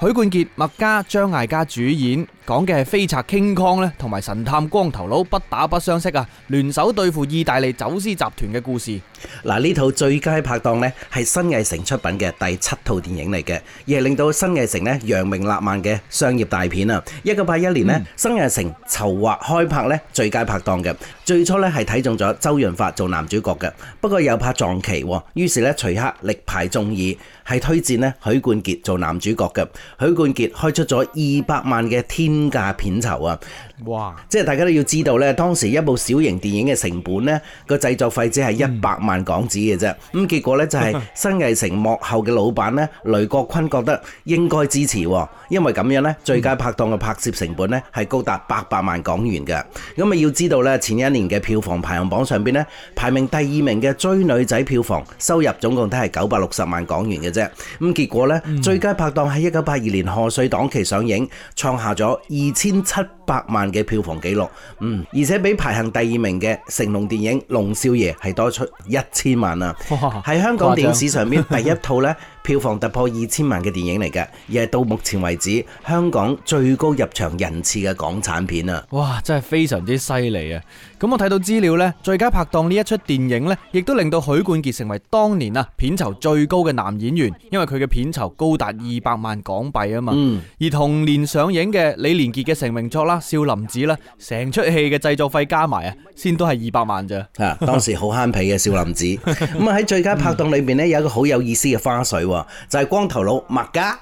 許冠傑、麥嘉、張艾嘉主演，講嘅係飛賊金剛咧，同埋神探光頭佬不打不相識啊，聯手對付意大利走私集團嘅故事。嗱，呢套最佳拍檔呢係新藝城出品嘅第七套電影嚟嘅，而亦令到新藝城咧揚名立萬嘅商業大片啊！一九八一年呢，嗯、新藝城籌劃開拍呢最佳拍檔嘅，最初呢係睇中咗周潤發做男主角嘅，不過又怕撞期，於是呢徐克力排眾議。係推薦咧，許冠傑做男主角嘅。許冠傑開出咗二百萬嘅天價片酬啊！哇！即係大家都要知道咧，當時一部小型電影嘅成本咧，個製作費只係一百萬港紙嘅啫。咁結果呢？就係新藝城幕後嘅老闆呢，雷國坤覺得應該支持，因為咁樣呢，最佳拍檔嘅拍攝成本呢，係高達八百萬港元嘅。咁啊，要知道呢，前一年嘅票房排行榜上邊呢，排名第二名嘅追女仔票房收入總共都係九百六十萬港元嘅啫。咁結果呢，最佳拍檔喺一九八二年賀歲檔期上映，創下咗二千七百萬。嘅票房記錄，嗯，而且比排行第二名嘅成龍電影《龍少爺》係多出一千萬啊，喺哇香港電影史上面第一套呢。誇張 票房突破二千萬嘅電影嚟嘅，而係到目前為止香港最高入場人次嘅港產片啊！哇，真係非常之犀利啊！咁、嗯、我睇到資料咧，最佳拍檔呢一出電影咧，亦都令到許冠傑成為當年啊片酬最高嘅男演員，因為佢嘅片酬高達二百萬港幣啊嘛。而同年上映嘅李連杰嘅成名作啦《少林寺》啦，成出戲嘅製作費加埋啊，先都係二百萬咋？吓、嗯，當時好慳皮嘅《少林寺》 嗯。咁啊喺最佳拍檔裏面咧，嗯、有一個好有意思嘅花絮就係光頭佬麥家，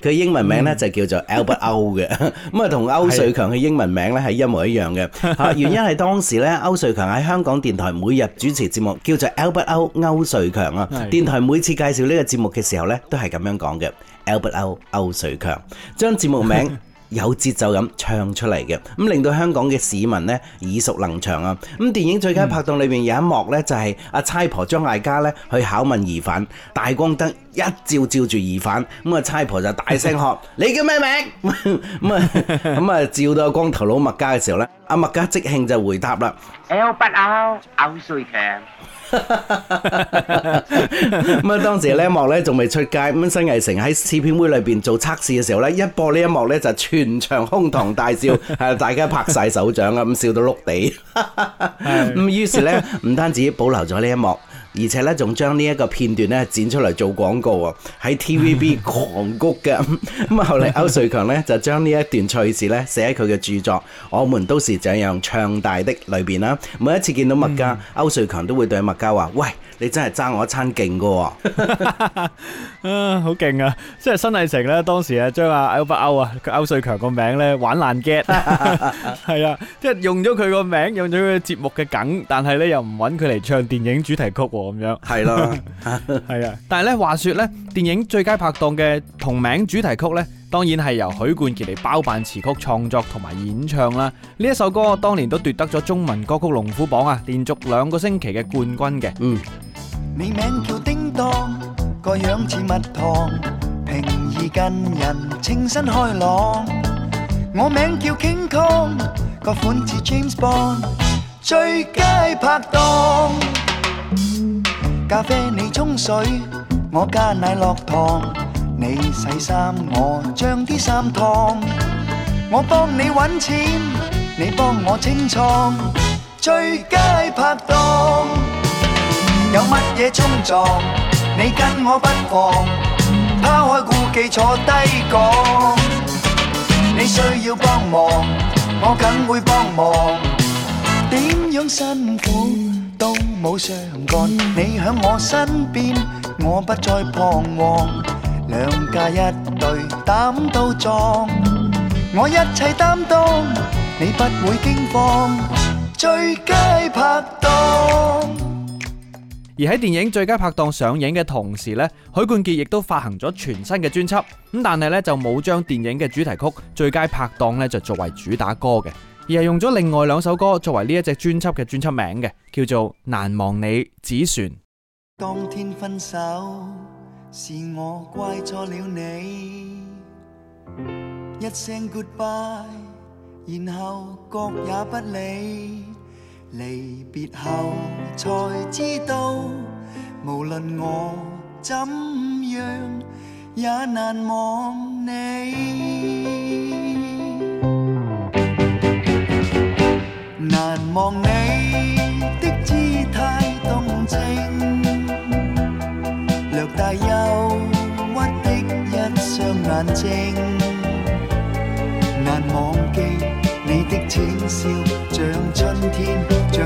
佢 英文名咧就叫做 Albert Au 嘅，咁啊同區瑞強嘅英文名咧係一模一樣嘅。 原因係當時咧區瑞強喺香港電台每日主持節目，叫做 Albert Au 區瑞強啊。 電台每次介紹呢個節目嘅時候咧，都係咁樣講嘅，Albert Au 區瑞強將節目名，有節奏咁唱出嚟嘅，咁令到香港嘅市民呢耳熟能詳啊！咁電影最佳拍檔裏面有一幕呢、就是，就係阿差婆張艾嘉呢去考問疑犯，大光燈一照照住疑犯，咁啊差婆就大聲喝： 「你叫咩名？」咁啊咁啊照到個光頭佬麥嘉嘅時候呢，阿麥嘉即興就回答啦。咁啊， 當時呢一幕咧仲未出街，咁新藝城喺試片會裏邊做測試嘅時候咧，一播呢一幕咧就全場哄堂大笑，係 大家拍晒手掌啊，咁笑到碌地，咁 於 是呢，唔單止保留咗呢一幕。而且咧，仲將呢一個片段咧剪出嚟做廣告啊！喺 TVB 狂谷嘅咁，啊 後嚟區瑞強咧就將呢一段趣事咧寫喺佢嘅著作《 我們都是這樣唱大的》裏邊啦。每一次見到麥嘉， 區瑞強都會對麥嘉話：喂！你真係爭我一餐勁噶，啊，好勁啊！即係新藝城咧，當時啊，將阿歐不歐啊，佢區瑞強個名咧玩爛 get，係啊，即係用咗佢個名，用咗佢節目嘅梗，但係咧又唔揾佢嚟唱電影主題曲咁樣。係啦，係啊。但係咧，話說咧，電影最佳拍檔嘅同名主題曲咧，當然係由許冠傑嚟包辦詞曲創作同埋演唱啦。呢一首歌當年都奪得咗中文歌曲龍虎榜啊，連續兩個星期嘅冠軍嘅。嗯。你名叫叮當，個樣似蜜糖，平易近人，清新開朗。我名叫 King Kong，個款似 James Bond，最佳拍檔。咖啡你沖水，我加奶落糖，你洗衫我將啲衫燙，我幫你搵錢，你幫我清倉，最佳拍檔。有乜嘢衝撞，你跟我不妨，拋開顧忌坐低講。你需要幫忙，我梗會幫忙。點樣辛苦都冇相干，你喺我身邊，我不再彷徨。兩家一對膽都壯，我一切擔當，你不會驚慌。最佳拍檔。而喺電影《最佳拍檔》上映嘅同時呢，許冠傑亦都發行咗全新嘅專輯，咁但係呢，就冇將電影嘅主題曲《最佳拍檔》呢就作為主打歌嘅，而係用咗另外兩首歌作為呢一隻專輯嘅專輯名嘅，叫做《難忘你》、《紙船》。當天分手，是我怪錯了你，一聲 Goodbye，然後各也不理。離別後才知道，無論我怎樣也難忘你， 難忘你的姿態動靜，略帶憂鬱的一雙眼睛，難忘記你的淺笑像春天。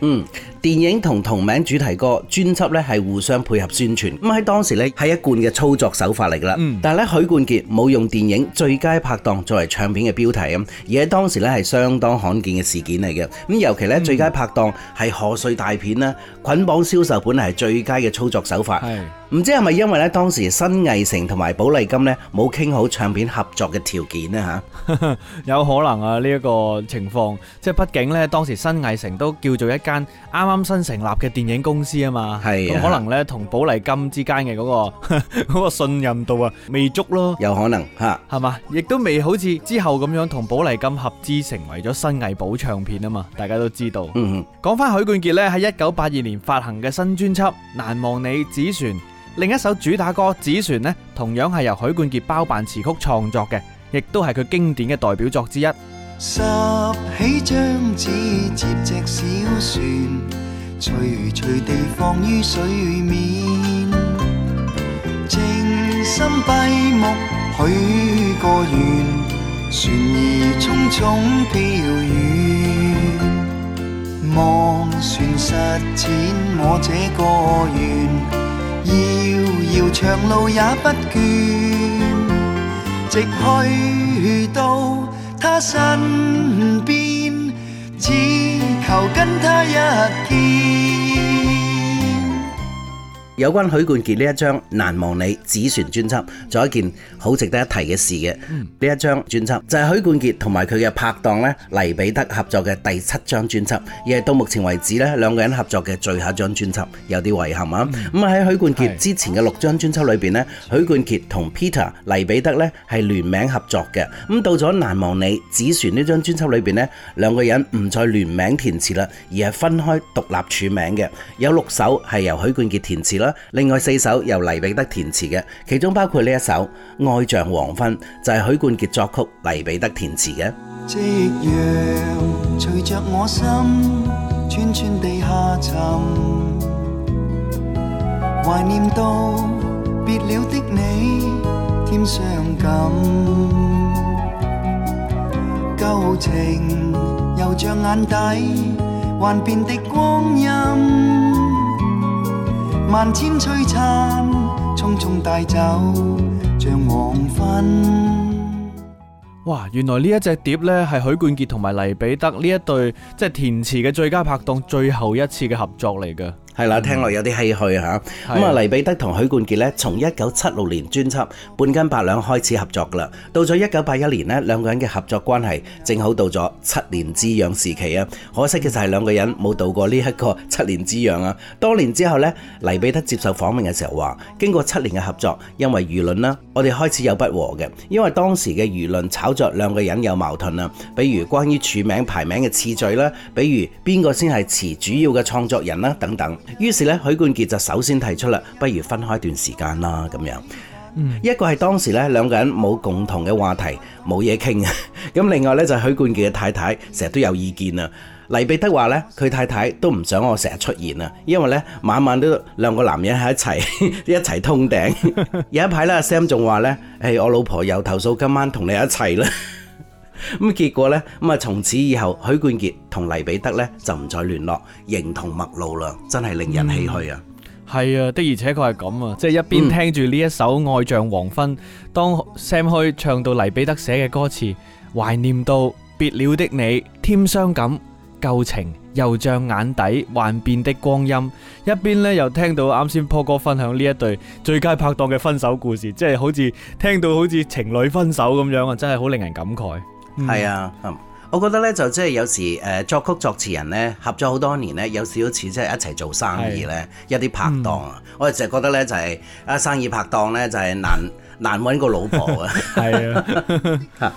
嗯，電影同同名主題歌專輯咧係互相配合宣傳，咁喺當時咧係一貫嘅操作手法嚟噶啦。但係咧許冠傑冇用電影最佳拍檔作為唱片嘅標題咁，而喺當時咧係相當罕見嘅事件嚟嘅。咁尤其咧最佳拍檔係賀歲大片啦，捆綁銷售本嚟係最佳嘅操作手法。唔知係咪因為咧當時新藝城同埋寶麗金咧冇傾好唱片合作嘅條件咧吓，有可能啊呢一個情況，即係畢竟咧當時新藝城都叫做一間啱啱新成立嘅電影公司啊嘛，係，咁可能咧同寶麗金之間嘅嗰個嗰個信任度啊未足咯，有可能吓，係嘛，亦都未好似之後咁樣同寶麗金合資成為咗新藝寶唱片啊嘛，大家都知道，嗯嗯，講翻許冠傑咧喺一九八二年發行嘅新專輯《難忘你‧紙船》。另一首主打歌《紙船》呢，同樣係由許冠傑包辦詞曲創作嘅，亦都係佢經典嘅代表作之一。拾起張紙，折隻小船，徐徐地放於水面，靜心閉目許個願，船兒匆匆漂遠，望船實踐我這個願。遙遙長路也不倦，直去到他身邊，只求跟他一見。有關許冠傑呢一張《難忘你·紙船》專輯，仲有一件好值得一提嘅事嘅。呢、嗯、一張專輯就係、是、許冠傑同埋佢嘅拍檔咧黎彼得合作嘅第七張專輯，而係到目前為止咧兩個人合作嘅最後一張專輯，有啲遺憾啊。咁喺許冠傑之前嘅六張專輯裏邊咧,許冠傑同 Peter 黎彼得咧係聯名合作嘅。咁到咗《難忘你·紙船》呢張專輯裏邊咧，兩個人唔再聯名填詞啦，而係分開獨立署名嘅。有六首係由許冠傑填詞啦。另外四首由黎彼得填詞嘅，其中包括呢一首《愛像黃昏》，就係許冠傑作曲、黎彼得填詞嘅。夕陽隨着我心，寸寸地下沉，懷念到別了的你添傷感，舊情又像眼底幻變的光陰。萬千璀璨，匆匆帶走像黃昏。哇！原來呢一隻碟呢，係許冠傑同埋黎彼得呢一對即係、就是、填詞嘅最佳拍檔最後一次嘅合作嚟㗎。係啦，聽落有啲唏噓嚇。咁啊的，黎彼得同許冠傑咧，從一九七六年專輯《半斤八兩》開始合作啦。到咗一九八一年咧，兩個人嘅合作關係正好到咗七年之癢時期啊。可惜嘅就係兩個人冇度過呢一個七年之癢啊。多年之後咧，黎彼得接受訪問嘅時候話：經過七年嘅合作，因為輿論啦，我哋開始有不和嘅。因為當時嘅輿論炒作兩個人有矛盾啊，比如關於署名排名嘅次序啦，比如邊個先係詞主要嘅創作人啦等等。於是咧，許冠傑就首先提出啦，不如分開段時間啦咁樣。嗯，一個係當時咧兩個人冇共同嘅話題，冇嘢傾啊。咁另外咧就係許冠傑嘅太太成日都有意見啊。黎彼得話咧，佢太太都唔想我成日出現啊，因為咧晚晚都兩個男人喺一齊， 一齊通頂。 有一排咧，Sam 仲話咧，誒、欸、我老婆又投訴今晚同你一齊啦。咁結果呢，咁啊，從此以後，許冠傑同黎彼得呢就唔再聯絡，形同陌路啦，真係令人唏嘘啊！係、嗯、啊，的而且確係咁啊，即係一邊聽住呢一首《愛像黃昏》，當 Sam 開唱到黎彼得寫嘅歌詞，懷念到別了的你添傷感舊情，又像眼底幻變的光陰，一邊呢，又聽到啱先波哥分享呢一對最佳拍檔嘅分手故事，即係好似聽到好似情侶分手咁樣啊，真係好令人感慨。係、mm hmm. 啊，我覺得呢，就即係有時誒、呃、作曲作詞人呢，合作好多年呢，有少少似即係一齊做生意呢，是一啲拍檔啊，mm hmm. 我哋就覺得呢，就係、是、啊生意拍檔呢，就係、是、難難揾個老婆啊。係啊。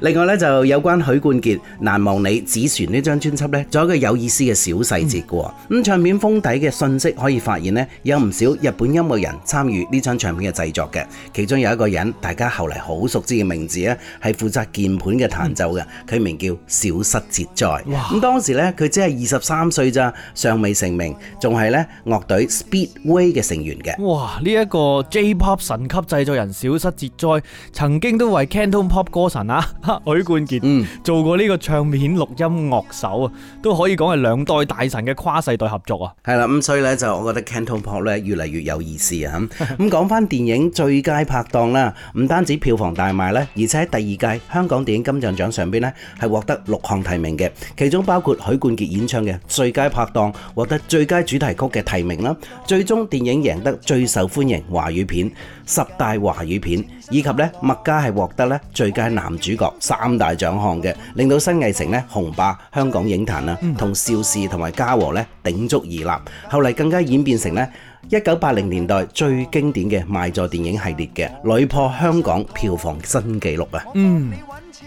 另外咧就有關許冠傑《難忘你張專輯》《紙船》呢張專輯咧，仲有一個有意思嘅小細節噶。咁、嗯、唱片封底嘅信息可以發現咧，有唔少日本音樂人參與呢張唱片嘅製作嘅。其中有一個人大家後嚟好熟知嘅名字咧，係負責鍵盤嘅彈奏嘅，佢、嗯、名叫小室哲哉。咁哇當時咧，佢只係二十三歲咋，尚未成名，仲係咧樂隊 Speedway 嘅成員嘅。哇！呢、這、一個 J-pop 神級製作人小室哲哉，曾經都為 Canton Pop 歌。歌神啊，許冠傑，嗯，做過呢個唱片錄音樂手啊，都可以講係兩代大神嘅跨世代合作啊。係啦，咁所以咧就我覺得《Cantopop》咧越嚟越有意思啊。咁講返電影最佳拍檔啦，唔單止票房大賣咧，而且喺第二屆香港電影金像獎上邊咧係獲得六項提名嘅，其中包括許冠傑演唱嘅《最佳拍檔》獲得最佳主題曲嘅提名啦。最終電影贏得最受歡迎華語片。十大華語片，以及咧麥嘉係獲得咧最佳男主角三大獎項嘅，令到新藝城咧紅霸香港影壇啊，同邵氏同埋嘉禾咧鼎足而立，後嚟更加演變成咧一九八零年代最經典嘅賣座電影系列嘅，屢破香港票房新紀錄啊！嗯。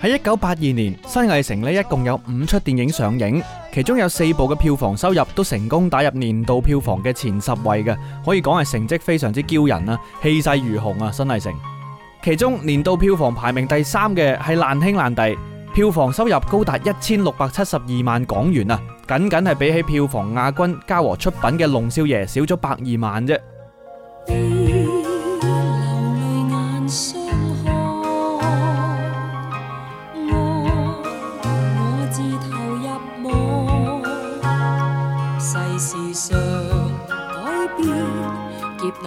喺一九八二年，新藝城呢一共有五出電影上映，其中有四部嘅票房收入都成功打入年度票房嘅前十位嘅，可以講係成績非常之驕人啊，氣勢如虹啊！新藝城其中年度票房排名第三嘅係《難兄難弟》，票房收入高達一千六百七十二萬港元啊，僅僅係比起票房亞軍嘉禾出品嘅《龍少爺》少咗百二萬啫。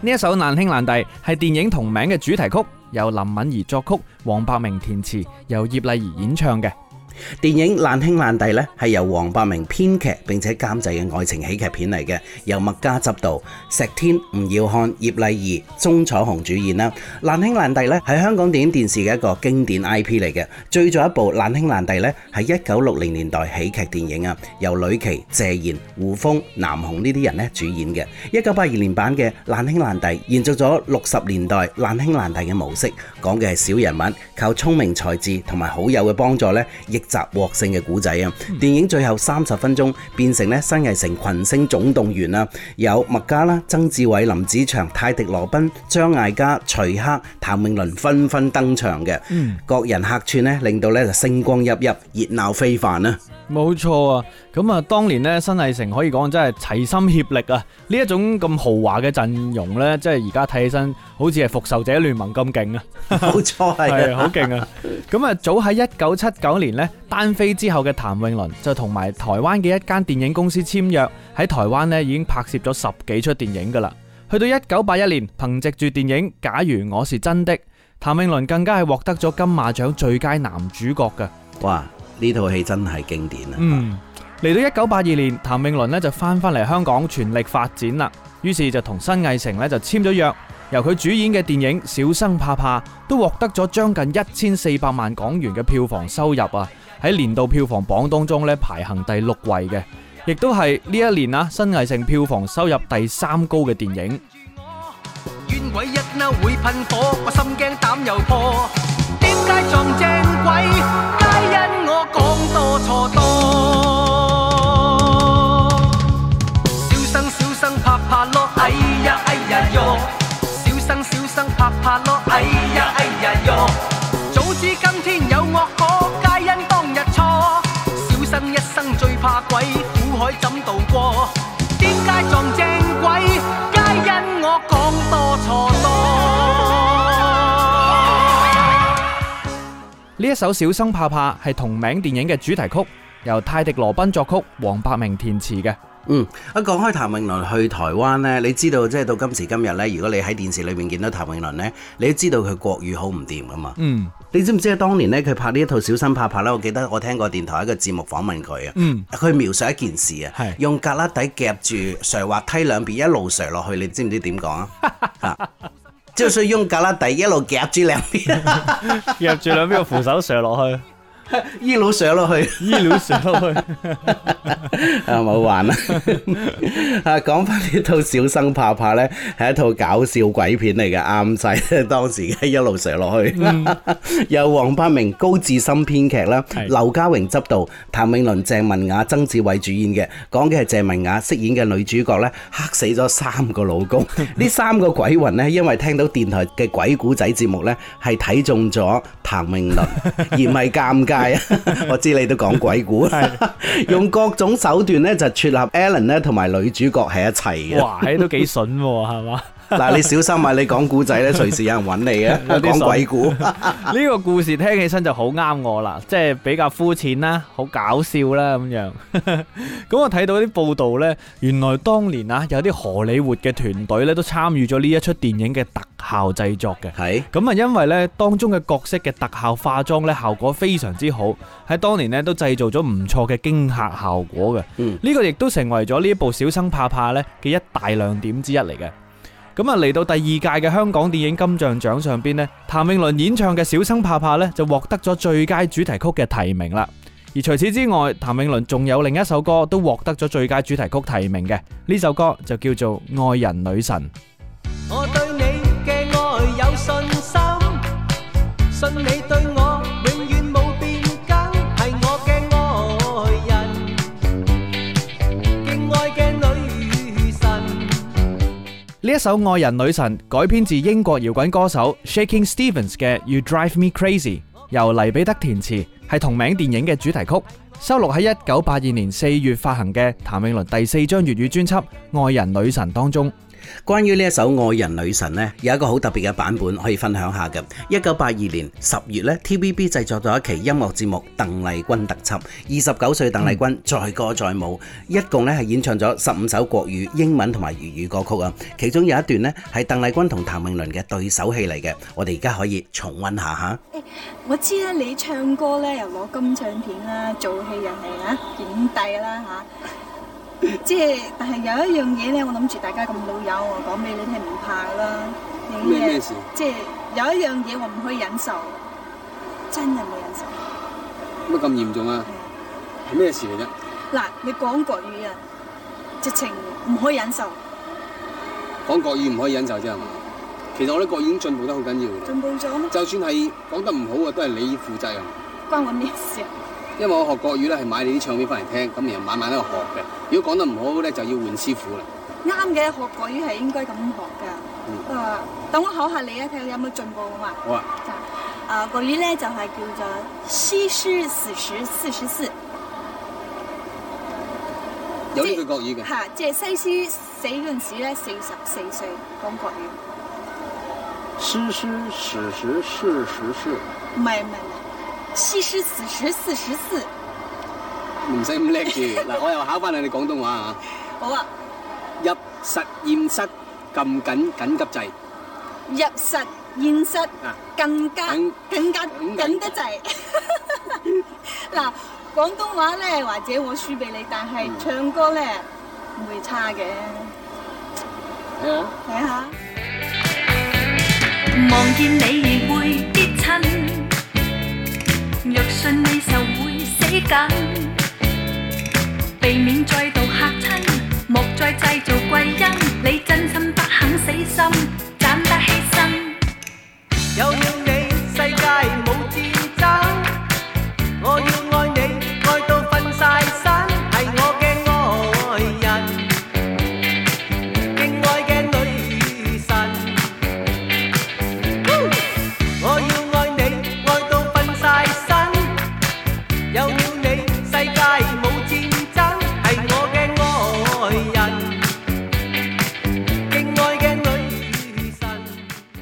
呢首難兄難弟係電影同名嘅主題曲，由林敏怡作曲，黃百鳴填詞，由葉麗儀演唱嘅。電影《難兄難弟》咧係由黃百鳴編劇並且監製嘅愛情喜劇片嚟嘅，由麥嘉執導，石天、吳耀漢、葉麗儀、鍾楚紅主演啦。《難兄難弟》咧係香港電影電視嘅一個經典 IP 嚟嘅。最早一部《難兄難弟》咧係一九六零年代喜劇電影啊，由呂奇、謝賢、胡楓、南紅呢啲人咧主演嘅。一九八二年版嘅《難兄難弟》延續咗六十年代《難兄難弟》嘅模式，講嘅係小人物靠聰明才智同埋好友嘅幫助咧，亦集鑊性嘅古仔啊！電影最後三十分鐘變成咧新藝城群星總動員啦，有麥嘉、啦、曾志偉、林子祥、泰迪羅賓、張艾嘉、徐克、譚詠麟紛紛登場嘅，各人客串呢令到咧就星光熠熠，熱鬧非凡啊！冇錯啊！咁啊，當年呢，新藝城可以講真係齊心協力啊！呢一種咁豪華嘅陣容呢，即係而家睇起身好似係復仇者聯盟咁勁啊！冇錯係，好勁啊！咁啊，早喺一九七九年呢。單飛之後嘅譚詠麟就同埋台灣嘅一間電影公司簽約，喺台灣呢已經拍攝咗十幾出電影噶啦。去到一九八一年，憑藉住電影《假如我是真的》，譚詠麟更加係獲得咗金馬獎最佳男主角㗎。哇！呢套戲真係經典啊！嗯，嚟到一九八二年，譚詠麟呢就翻翻嚟香港全力發展啦。於是就同新藝城呢就簽咗約，由佢主演嘅電影《小生怕怕》都獲得咗將近一千四百萬港元嘅票房收入啊！喺年度票房榜當中咧排行第六位嘅，亦都係呢一年啊新藝城票房收入第三高嘅電影。我我冤鬼一嬲會噴火，我心驚膽又破，點解撞正鬼，皆因我講多錯多。小生小生怕怕咯哎哎呀哎呀喲，小生小生怕怕怕鬼苦海怎渡過？點解撞正鬼？皆因我講多錯多。呢一首《小生怕怕》係同名電影嘅主題曲，由泰迪羅賓作曲，黃百鳴填詞嘅。嗯，啊講開譚詠麟去台灣咧，你知道即係到今時今日咧，如果你喺電視裏面見到譚詠麟咧，你都知道佢國語好唔掂㗎嘛。嗯。你知唔知啊？當年咧，佢拍呢一套《小生怕怕》咧，我記得我聽過電台一個節目訪問佢啊。嗯。佢描述一件事啊，是用格拉底夾住斜滑梯兩邊一路斜落去，你知唔知點講啊？即係 用格拉底一路夾住兩邊， 夾住兩邊個扶手斜落去。一佬上落去，一佬上落去，係冇玩啊？啊，講翻呢套《小生怕怕》呢，係一套搞笑鬼片嚟嘅，啱晒。當時一路上落去， 由黃百鳴、高志森編劇啦，劉家榮執導，譚詠麟、鄭文雅、曾志偉主演嘅，講嘅係鄭文雅飾演嘅女主角呢黑死咗三個老公。呢三個鬼魂呢，因為聽到電台嘅鬼故仔節目呢，係睇中咗譚詠麟，而唔係尷尬。係啊， 我知你都講鬼故， 用各種手段咧就撮合 Alan 咧同埋女主角喺一齊嘅。哇，都幾筍喎，係嘛？ 嗱， 你小心啊！你講古仔咧，隨時有人搵你啊。講 點傻 鬼故呢 個故事聽起身就好啱我啦，即係比較膚淺啦，好搞笑啦、啊、咁樣。咁 我睇到啲報道呢，原來當年啊有啲荷里活嘅團隊呢，都參與咗呢一出電影嘅特效製作嘅。係是。咁啊，因為呢，當中嘅角色嘅特效化妝呢，效果非常之好，喺當年呢，都製造咗唔錯嘅驚嚇效果嘅。呢、嗯、個亦都成為咗呢一部《小生怕怕》咧嘅一大亮點之一嚟嘅。咁啊，嚟到第二屆嘅香港電影金像獎上邊咧，譚詠麟演唱嘅《小生怕怕》咧就獲得咗最佳主題曲嘅提名啦。而除此之外，譚詠麟仲有另一首歌都獲得咗最佳主題曲提名嘅，呢首歌就叫做《愛人女神》。我對你嘅愛有信心。信呢一首《愛人女神》改編自英國搖滾歌手 Shaking Stevens 嘅《You Drive Me Crazy》，由黎彼得填詞，係同名電影嘅主題曲，收錄喺一九八二年四月發行嘅譚詠麟第四張粵語專輯《愛人女神》當中。關於呢一首《愛人女神》呢，有一個好特別嘅版本可以分享下嘅。一九八二年十月咧，TVB 製作咗一期音樂節目《鄧麗君特輯》，二十九歲鄧麗君載歌載舞，一共咧係演唱咗十五首國語、英文同埋粵語歌曲啊。其中有一段呢係鄧麗君同譚詠麟嘅對手戲嚟嘅，我哋而家可以重溫下吓，哎。我知啦，你唱歌咧又攞金唱片啦，做戲又係啊影帝啦吓。 即係，但係有一樣嘢咧，我諗住大家咁老友，我講俾你聽唔怕啦。咩咩事？即係有一樣嘢我唔可以忍受，真係唔忍受。乜咁嚴重啊？係咩事嚟啫？嗱，你講國語啊，直情唔可以忍受。講國語唔可以忍受啫，其實我啲國語已經進步得好緊要。進步咗。就算係講得唔好啊，都係你負責啊。關我咩事？因為我學國語咧，係買你啲唱片翻嚟聽，咁然後晚晚喺度學嘅。如果講得唔好咧，就要換師傅啦。啱嘅，學國語係應該咁學㗎。誒，等我考下你啊，睇下你有冇進步啊？好啊，誒，國語咧就係叫做西施四十，四十，四。有呢句國語嘅。嚇，即係西施死嗰陣時咧，四十四歲講國語。西施四十，四十，四。唔係唔係。七十四十四十四，唔使咁叻住嗱，我又考翻你哋廣東話啊，好啊，入實驗室撳緊緊急掣，入實驗室啊更加更加緊得滯，嗱 廣 東話咧或者我輸俾你，但係唱歌咧唔會差嘅，睇下，望見你亦會。若信你就會死梗。避免再度嚇親，莫再製造貴音。你真心不肯死心，怎得犧牲。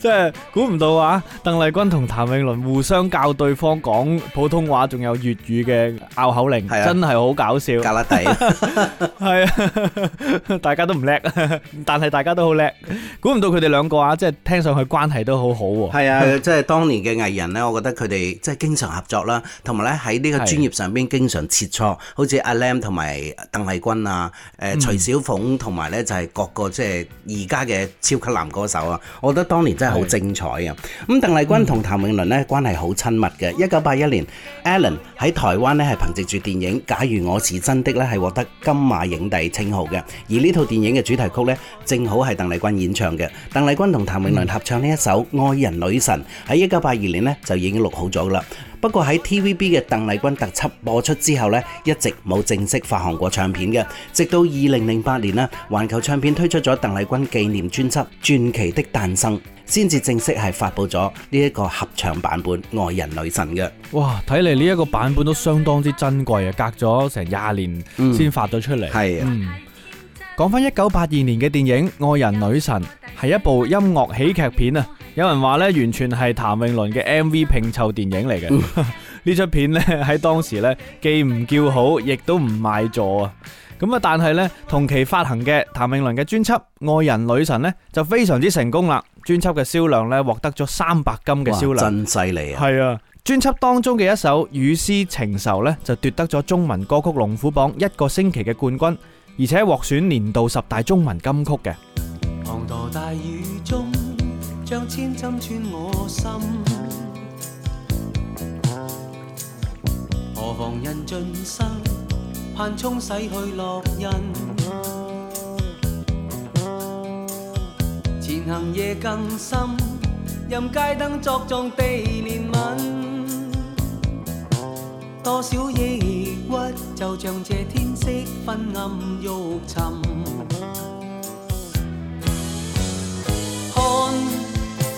即係估唔到啊！鄧麗君同譚詠麟互相教對方講普通話，仲有粵語嘅拗口令，係、啊、真係好搞笑。格拉底，係 啊！大家都唔叻，但係大家都好叻。估唔到佢哋兩個啊，即係聽上去關係都好好係啊，啊 即係當年嘅藝人咧，我覺得佢哋即係經常合作啦，同埋咧喺呢個專業上邊經常切磋。好似阿 Lam 同埋鄧麗君啊，誒、呃、徐小鳳同埋咧就係、是、各個即係而家嘅超級男歌手啊，我覺得當年真係。好精彩啊！咁鄧麗君同譚詠麟咧關係好親密嘅。一九八一年，Alan 喺台灣咧係憑藉住電影《假如我是真的》咧係獲得金馬影帝稱號嘅。而呢套電影嘅主題曲咧正好係鄧麗君演唱嘅。鄧麗君同譚詠麟合唱呢一首《愛人女神》，喺一九八二年咧就已經錄好咗啦。不過喺 TVB 嘅鄧麗君特輯播出之後呢，一直冇正式發行過唱片嘅，直到二零零八年啦，環球唱片推出咗鄧麗君紀念專輯《傳奇的誕生》，先至正式係發佈咗呢一個合唱版本《愛人女神》嘅。哇，睇嚟呢一個版本都相當之珍貴啊，隔咗成廿年先發到出嚟。係啊、嗯，講翻一九八二年嘅電影《愛人女神》係一部音樂喜劇片啊。有人話咧，完全係譚詠麟嘅 MV 拼湊電影嚟嘅。呢出片咧喺當時咧既唔叫好，亦都唔賣座啊。咁啊，但係咧同期發行嘅譚詠麟嘅專輯《愛人女神》咧就非常之成功啦。專輯嘅銷量咧獲得咗三白金嘅銷量，真犀利啊！係啊，專輯當中嘅一首《雨絲情愁》咧就奪得咗中文歌曲龍虎榜一個星期嘅冠軍，而且獲選年度十大中文金曲嘅。像千針穿我心，何妨人盡心，盼沖洗去烙印。前行夜更深，任街燈作狀地憐憫。多少抑鬱，就像這天色昏暗欲沉。 看。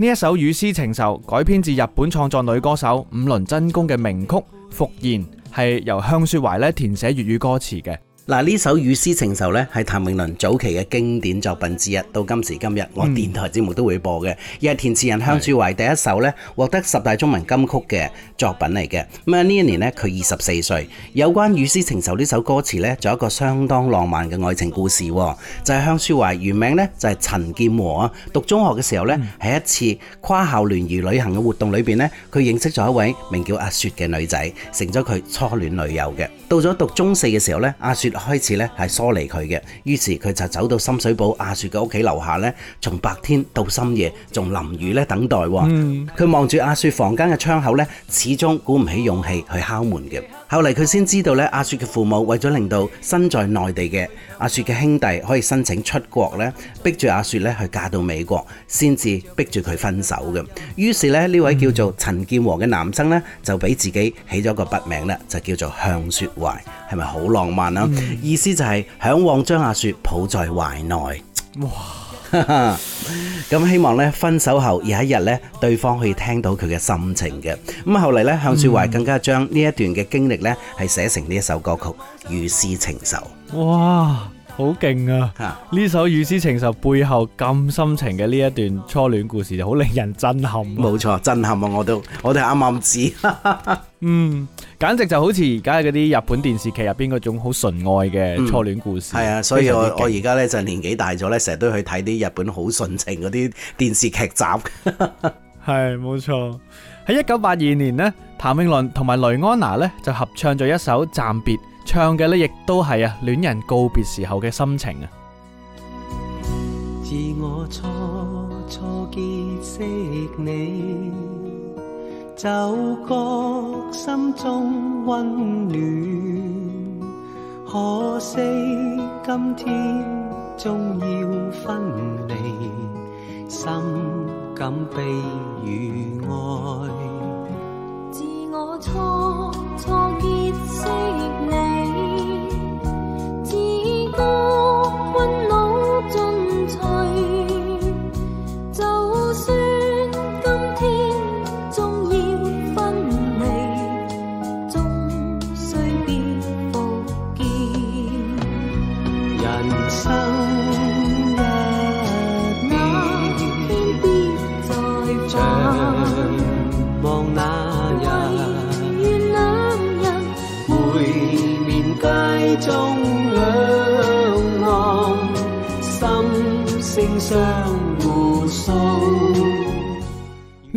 呢一首《雨絲情愁》改編自日本創作女歌手五輪真弓嘅名曲《復現》，係由向雪懷填寫粵語歌詞嘅。嗱，呢首《雨絲情愁》呢，係譚詠麟早期嘅經典作品之一，到今時今日，我電台節目都會播嘅，亦係填詞人向雪懷第一首呢獲得十大中文金曲嘅作品嚟嘅。咁啊，呢一年呢，佢二十四歲。有關《雨絲情愁》呢首歌詞咧，就有一個相當浪漫嘅愛情故事。就係向雪懷原名呢，就係陳建和啊，讀中學嘅時候呢，喺一次跨校聯誼旅行嘅活動裏邊呢，佢認識咗一位名叫阿雪嘅女仔，成咗佢初戀女友嘅。到咗讀中四嘅時候呢，阿雪，開始咧係疏離佢嘅，於是佢就走到深水埗阿雪嘅屋企樓下咧，從白天到深夜，仲淋雨咧等待。佢、嗯、望住阿雪房間嘅窗口咧，始終鼓唔起勇氣去敲門嘅。後嚟佢先知道咧，阿雪嘅父母為咗令到身在內地嘅阿雪嘅兄弟可以申請出國咧，逼住阿雪咧去嫁到美國，先至逼住佢分手嘅。於是咧呢、嗯、位叫做陳建和嘅男生咧，就俾自己起咗個筆名啦，就叫做向雪懷，係咪好浪漫啊？嗯意思就係向往將阿雪抱在懷內，哇！咁希望咧分手後有一日咧，對方可以聽到佢嘅心情嘅。咁啊後嚟咧，向雪懷更加將呢一段嘅經歷咧係寫成呢一首歌曲《雨絲情愁》。哇！好勁啊！呢、啊、首《雨絲情愁》背後咁深情嘅呢一段初戀故事，就好令人震撼，啊。冇錯，震撼啊！我都我哋啱啱知， 嗯，簡直就好似而家嗰啲日本電視劇入邊嗰種好純愛嘅初戀故事。係、嗯、啊，所以我我而家咧就年紀大咗咧，成日都去睇啲日本好純情嗰啲電視劇集。係， 冇錯。喺一九八二年呢，譚詠麟同埋雷安娜咧就合唱咗一首《暫別》。唱嘅呢亦都係啊，戀人告別時候嘅心情啊！自我初初結識你，就覺心中溫暖。可惜今天終要分離，心感悲與哀。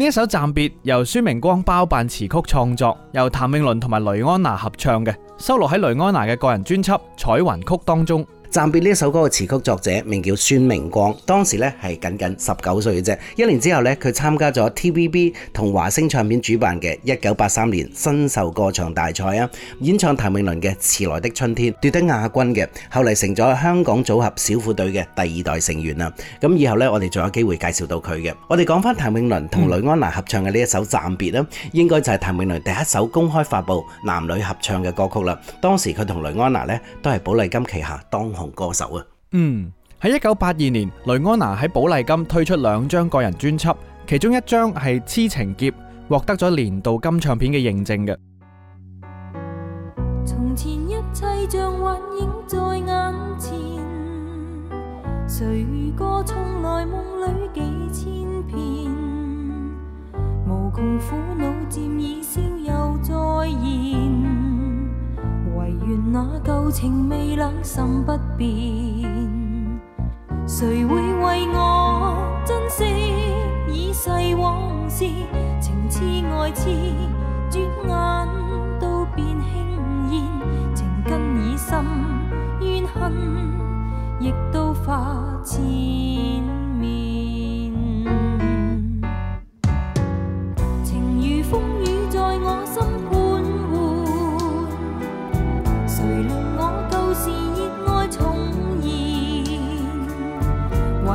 呢一首暫別由孫明光包辦詞曲創作，由譚詠麟同埋雷安娜合唱嘅，收錄喺雷安娜嘅個人專輯《彩雲曲》當中。暫別呢一首歌嘅詞曲作者名叫孫明光，當時呢係僅僅十九歲嘅啫。一年之後呢，佢參加咗 TVB 同華星唱片主辦嘅一九八三年新秀歌唱大賽啊，演唱譚詠麟嘅《遲來的春天》，奪得亞軍嘅。後嚟成咗香港組合小虎隊嘅第二代成員啦。咁以後呢，我哋仲有機會介紹到佢嘅。我哋講翻譚詠麟同雷安娜合唱嘅呢一首暫別啦，應該就係譚詠麟第一首公開發布男女合唱嘅歌曲啦。當時佢同雷安娜呢，都係寶麗金旗下當紅紅歌手啊！嗯，喺一九八二年，雷安娜喺寶麗金推出兩張個人專輯，其中一張係《痴情劫》，獲得咗年度金唱片嘅認證嘅。唯願那、啊、舊情未冷，心不變。誰會為我珍惜已逝往事？情痴愛痴，轉眼都變輕煙。情根已深，怨恨亦都化痴。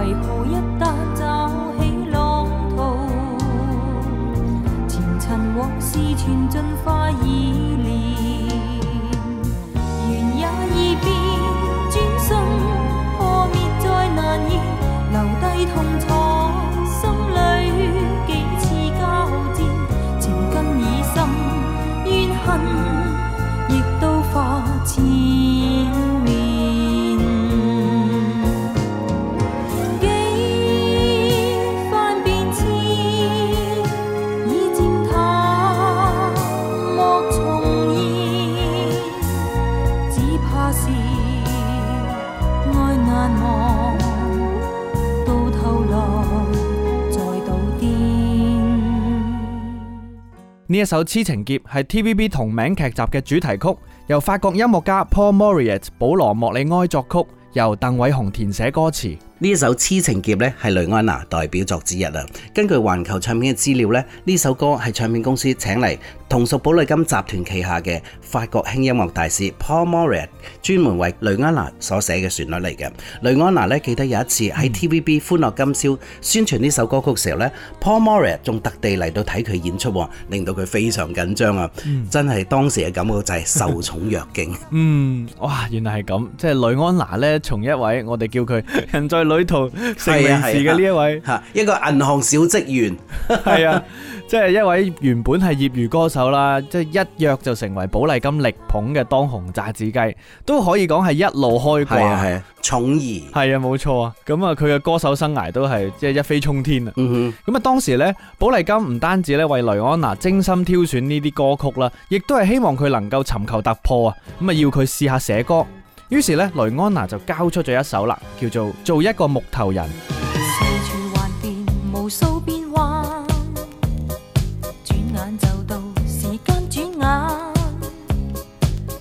為何一旦找起浪濤？前塵往事全進化意煙。緣也易變，轉身破滅再難言，留低痛。呢一首《痴情劫》係 TVB 同名劇集嘅主題曲，由法國音樂家 Paul Mauriat 保羅莫里埃作曲，由鄧偉雄填寫歌詞。呢一首《痴情劫》咧，係雷安娜代表作之一啊！根據環球唱片嘅資料咧，呢首歌係唱片公司請嚟同屬寶麗金集團旗下嘅法國輕音樂大師 Paul Mauriat 專門為雷安娜所寫嘅旋律嚟嘅。雷安娜咧記得有一次喺 TVB《歡樂今宵》宣傳呢首歌曲時候咧，Paul Mauriat 仲、er、特地嚟到睇佢演出，令到佢非常緊張啊！真係當時嘅感覺就係受寵若驚。 嗯，哇！原來係咁，即係雷安娜咧，從一位我哋叫佢 女同成名時嘅呢一位、啊啊啊，一個銀行小職員，係 啊，即、就、係、是、一位原本係業餘歌手啦，即、就、係、是、一躍就成為寶麗金力捧嘅當紅炸子雞，都可以講係一路開掛，係啊，寵、啊、兒，係啊，冇錯啊，咁、嗯、啊，佢嘅歌手生涯都係即係一飛沖天啊，咁啊、嗯哼，當時呢，寶麗金唔單止咧為雷安娜精心挑選呢啲歌曲啦，亦都係希望佢能夠尋求突破啊，咁啊，要佢試下寫歌。於是咧，雷安娜就交出咗一首啦，叫做《做一個木頭人》。轉眼就到時間轉眼。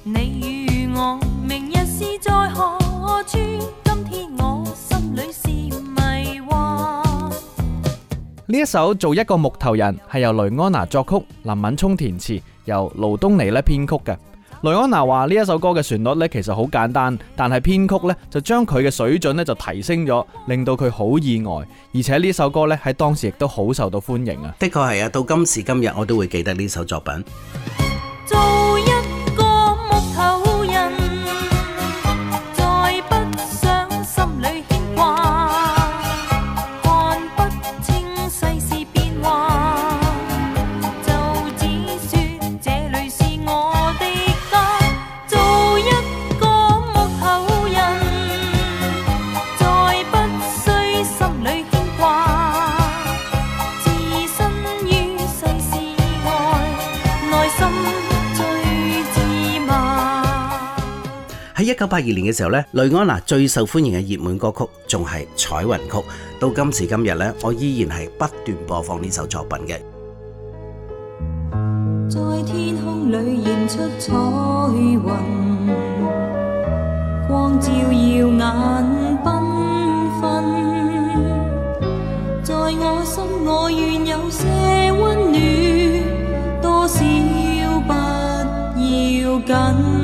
你與我明日是在何處？今天我心裏是迷惘。呢一首《做一個木頭人》係由雷安娜作曲，林敏聰填詞，由盧東尼咧編曲嘅。雷安娜話：呢一首歌嘅旋律呢，其實好簡單，但係編曲呢，就將佢嘅水準呢，就提升咗，令到佢好意外。而且呢首歌呢喺當時亦都好受到歡迎啊！的確係啊，到今時今日我都會記得呢首作品。一九八二年嘅時候咧，雷安娜最受歡迎嘅熱門歌曲仲係《彩雲曲》，到今時今日咧，我依然係不斷播放呢首作品嘅。在天空裏現出彩雲，光照耀眼繽紛，在我心我願有些溫暖，多少不要緊。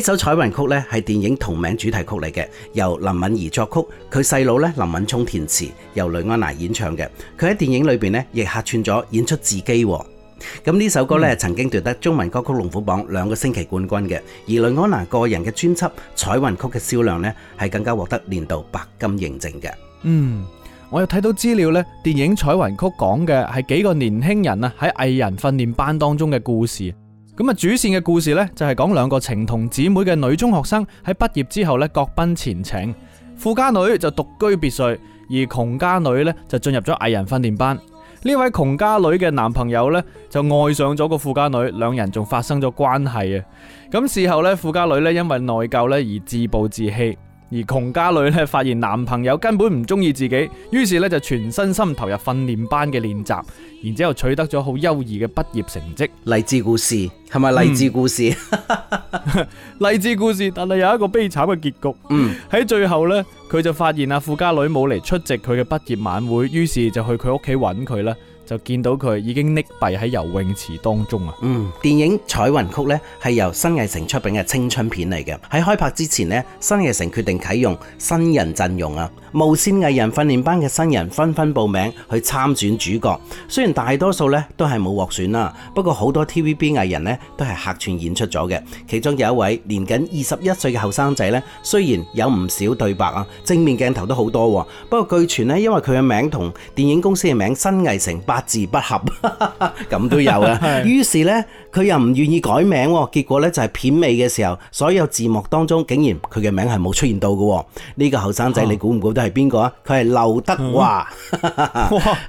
呢首《彩雲曲》咧，係電影同名主題曲嚟嘅，由林敏怡作曲，佢細佬咧林敏聰填詞，由雷安娜演唱嘅。佢喺電影裏邊咧，亦客串咗演出自己。咁呢首歌咧，曾經奪得中文歌曲龍虎榜兩個星期冠軍嘅，而雷安娜個人嘅專輯《彩雲曲》嘅銷量咧，係更加獲得年度白金認證嘅。嗯，我又睇到資料咧，電影《彩雲曲》講嘅係幾個年輕人啊喺藝人訓練班當中嘅故事。咁啊，主線嘅故事呢，就係講兩個情同姊妹嘅女中學生喺畢業之後咧，各奔前程。富家女就獨居別墅，而窮家女呢就進入咗藝人訓練班。呢位窮家女嘅男朋友呢，就愛上咗個富家女，兩人仲發生咗關係啊！咁事後呢，富家女呢因爲內疚咧而自暴自棄。而窮家女咧，發現男朋友根本唔中意自己，於是咧就全身心投入訓練班嘅練習，然之後取得咗好優異嘅畢業成績。勵志故事係咪勵志故事？勵志故事、嗯、 勵志故事，但係有一個悲慘嘅結局。嗯，喺最後咧，佢就發現啊富家女冇嚟出席佢嘅畢業晚會，於是就去佢屋企揾佢啦。就見到佢已經溺斃喺游泳池當中啊！嗯，電影《彩雲曲》呢係由新藝城出品嘅青春片嚟嘅。喺開拍之前呢，新藝城決定啟用新人陣容啊！無綫藝人訓練班嘅新人紛紛報名去參選主角，雖然大多數咧都係冇獲選啦，不過好多 TVB 藝人咧都係客串演出咗嘅。其中有一位年僅二十一歲嘅後生仔咧，雖然有唔少對白啊，正面鏡頭都好多，不過據傳咧因為佢嘅名同電影公司嘅名新藝城八字不合，咁 都有啊。於是呢，佢又唔願意改名，結果呢，就係片尾嘅時候，所有字幕當中竟然佢嘅名係冇出現到嘅。呢個後生仔你估唔估得？係邊個啊？佢係劉德華，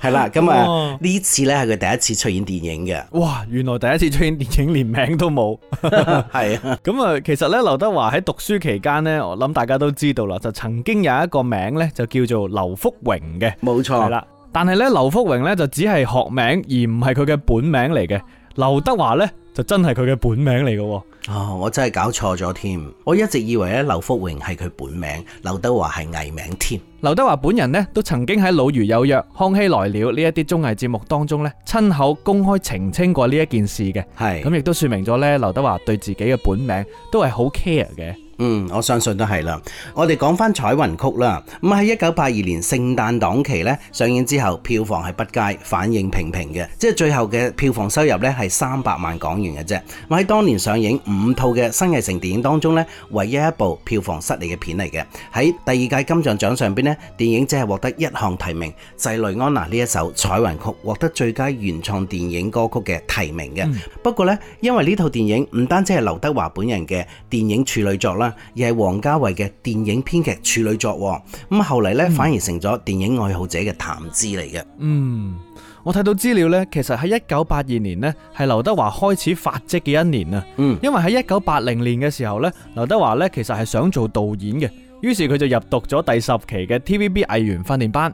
係啦、嗯，咁啊呢次呢，係佢第一次出演電影嘅。哇，原來第一次出演電影連名都冇，係 啊。咁啊，其實呢，劉德華喺讀書期間呢，我諗大家都知道啦，就曾經有一個名呢，就叫做劉福榮嘅，冇錯。係啦，但係呢，劉福榮呢，就只係學名，而唔係佢嘅本名嚟嘅。劉德華呢，就真係佢嘅本名嚟嘅，啊、哦，我真係搞錯咗添，我一直以為咧劉福榮係佢本名，劉德華係藝名添。劉德華本人呢，都曾經喺《魯豫有約》《康熙來了》呢一啲綜藝節目當中呢，親口公開澄清過呢一件事嘅，係是，咁亦都說明咗呢，劉德華對自己嘅本名都係好 care 嘅。嗯，我相信都係啦。我哋講翻《彩雲曲》啦。咁喺一九八二年聖誕檔期咧上映之後，票房係不佳，反應平平嘅，即係最後嘅票房收入咧係三百萬港元嘅啫。咁喺當年上映五套嘅新藝城電影當中咧，唯一一部票房失利嘅片嚟嘅。喺第二屆金像獎上邊咧，電影只係獲得一項提名，就係雷安娜呢一首《彩雲曲》獲得最佳原創電影歌曲嘅提名嘅。嗯、不過咧，因為呢套電影唔單止係劉德華本人嘅電影處女作啦。而係王家衛嘅電影編劇處女作喎，咁後嚟咧反而成咗電影愛好者嘅談資嚟嘅。嗯，我睇到資料咧，其實喺一九八二年呢，係劉德華開始發跡嘅一年啊。嗯，因為喺一九八零年嘅時候咧，劉德華咧其實係想做導演嘅，於是佢就入讀咗第十期嘅 TVB 藝員訓練班。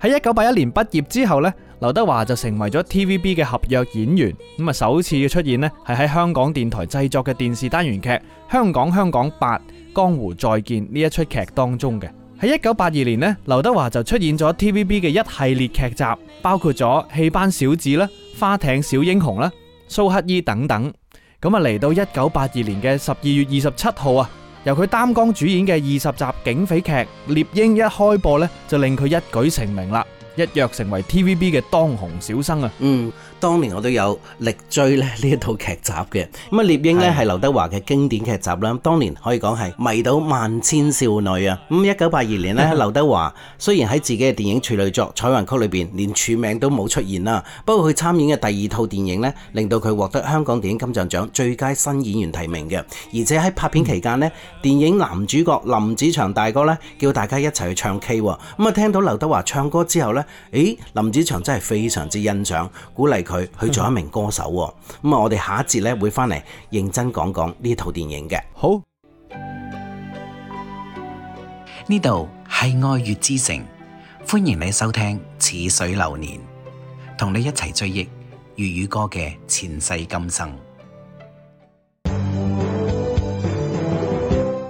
喺一九八一年畢業之後咧，劉德華就成為咗 TVB 嘅合約演員。咁啊，首次嘅出現呢，係喺香港電台製作嘅電視單元劇《香港香港八江湖再見》呢一出劇當中嘅。喺一九八二年呢，劉德華就出演咗 TVB 嘅一系列劇集，包括咗《戲班小子》啦，《花艇小英雄》啦，《蘇乞兒》等等。咁啊，嚟到一九八二年嘅十二月二十七號啊。由佢擔綱主演嘅二十集警匪劇《獵鷹》一開播呢，就令佢一舉成名啦，一躍成為 TVB 嘅當紅小生啊！嗯。當年我都有力追咧呢一套劇集嘅，咁啊獵鷹呢係劉德華嘅經典劇集啦。當年可以講係迷倒萬千少女啊！咁一九八二年呢，劉 德華雖然喺自己嘅電影處女作《彩雲曲》裏邊連署名都冇出現啦，不過佢參演嘅第二套電影呢，令到佢獲得香港電影金像獎最佳新演員提名嘅。而且喺拍片期間呢，電影男主角林子祥大哥呢，叫大家一齊去唱 K，咁啊聽到劉德華唱歌之後呢，誒林子祥真係非常之欣賞，鼓勵佢。佢去做一名歌手喎，咁啊，我哋下一節咧會翻嚟認真講講呢套電影嘅。好，呢度係愛粵之城，歡迎你收聽《似水流年》，同你一齊追憶粵語歌嘅前世今生。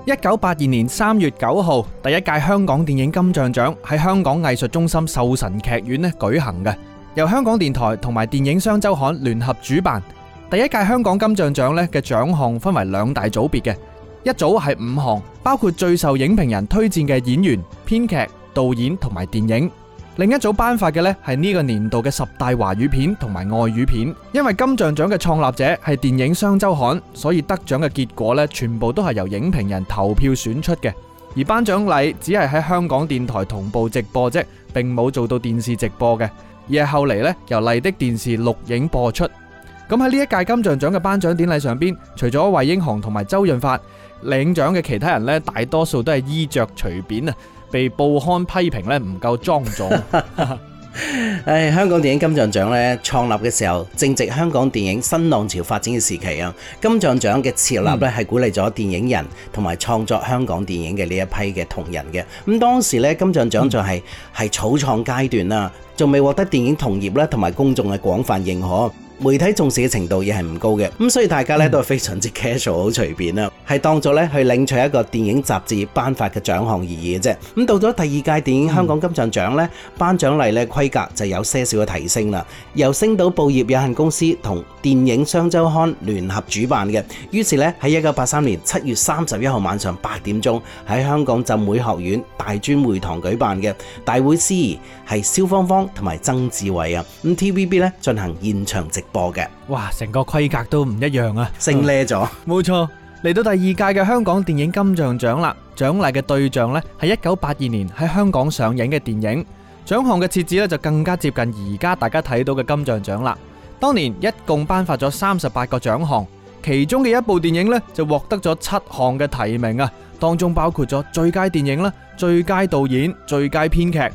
一九八二年三月九號，第一屆香港電影金像獎喺香港藝術中心壽臣劇院咧舉行嘅。由香港電台同埋電影雙周刊聯合主辦第一屆香港金像獎咧嘅獎項分為兩大組別嘅，一組係五項，包括最受影評人推薦嘅演員、編劇、導演同埋電影；另一組頒發嘅咧係呢個年度嘅十大華語片同埋外語片。因為金像獎嘅創立者係電影雙周刊，所以得獎嘅結果咧全部都係由影評人投票選出嘅，而頒獎禮只係喺香港電台同步直播啫，並冇做到電視直播嘅。而係後嚟咧，由麗的電視錄影播出。咁喺呢一屆金像獎嘅頒獎典禮上邊，除咗惠英紅同埋周潤發領獎嘅其他人咧，大多數都係衣着隨便啊，被報刊批評咧唔夠莊重。 誒、哎，香港電影金像獎咧創立嘅時候，正值香港電影新浪潮發展嘅時期啊。金像獎嘅設立咧係鼓勵咗電影人同埋創作香港電影嘅呢一批嘅同仁嘅。咁當時咧金像獎就係、是、係草創階段啦，仲未獲得電影同業啦同埋公眾嘅廣泛認可。媒體重視嘅程度亦係唔高嘅，咁所以大家咧都係非常之 casual 好隨便啦，係當作咧去領取一個電影雜誌頒發嘅獎項而已嘅啫。咁到咗第二屆電影香港金像獎咧，頒獎禮咧規格就有些少嘅提升啦，由星島報業有限公司同電影雙周刊聯合主辦嘅。於是咧喺一九八三年七月三十一號晚上八點鐘喺香港浸會學院大專會堂舉辦嘅，大會司儀係蕭芳芳同埋曾志偉啊。咁 TVB 咧進行現場直播嘅，哇，成個規格都唔一樣啊，升叻咗。冇錯， 嚟到第二屆嘅香港電影金像獎啦，獎勵嘅對象呢，係一九八二年喺香港上映嘅電影，獎項嘅設置咧就更加接近而家大家睇到嘅金像獎啦。當年一共頒發咗三十八個獎項，其中嘅一部電影呢，就獲得咗七項嘅提名啊，當中包括咗最佳電影啦、最佳導演、最佳編劇。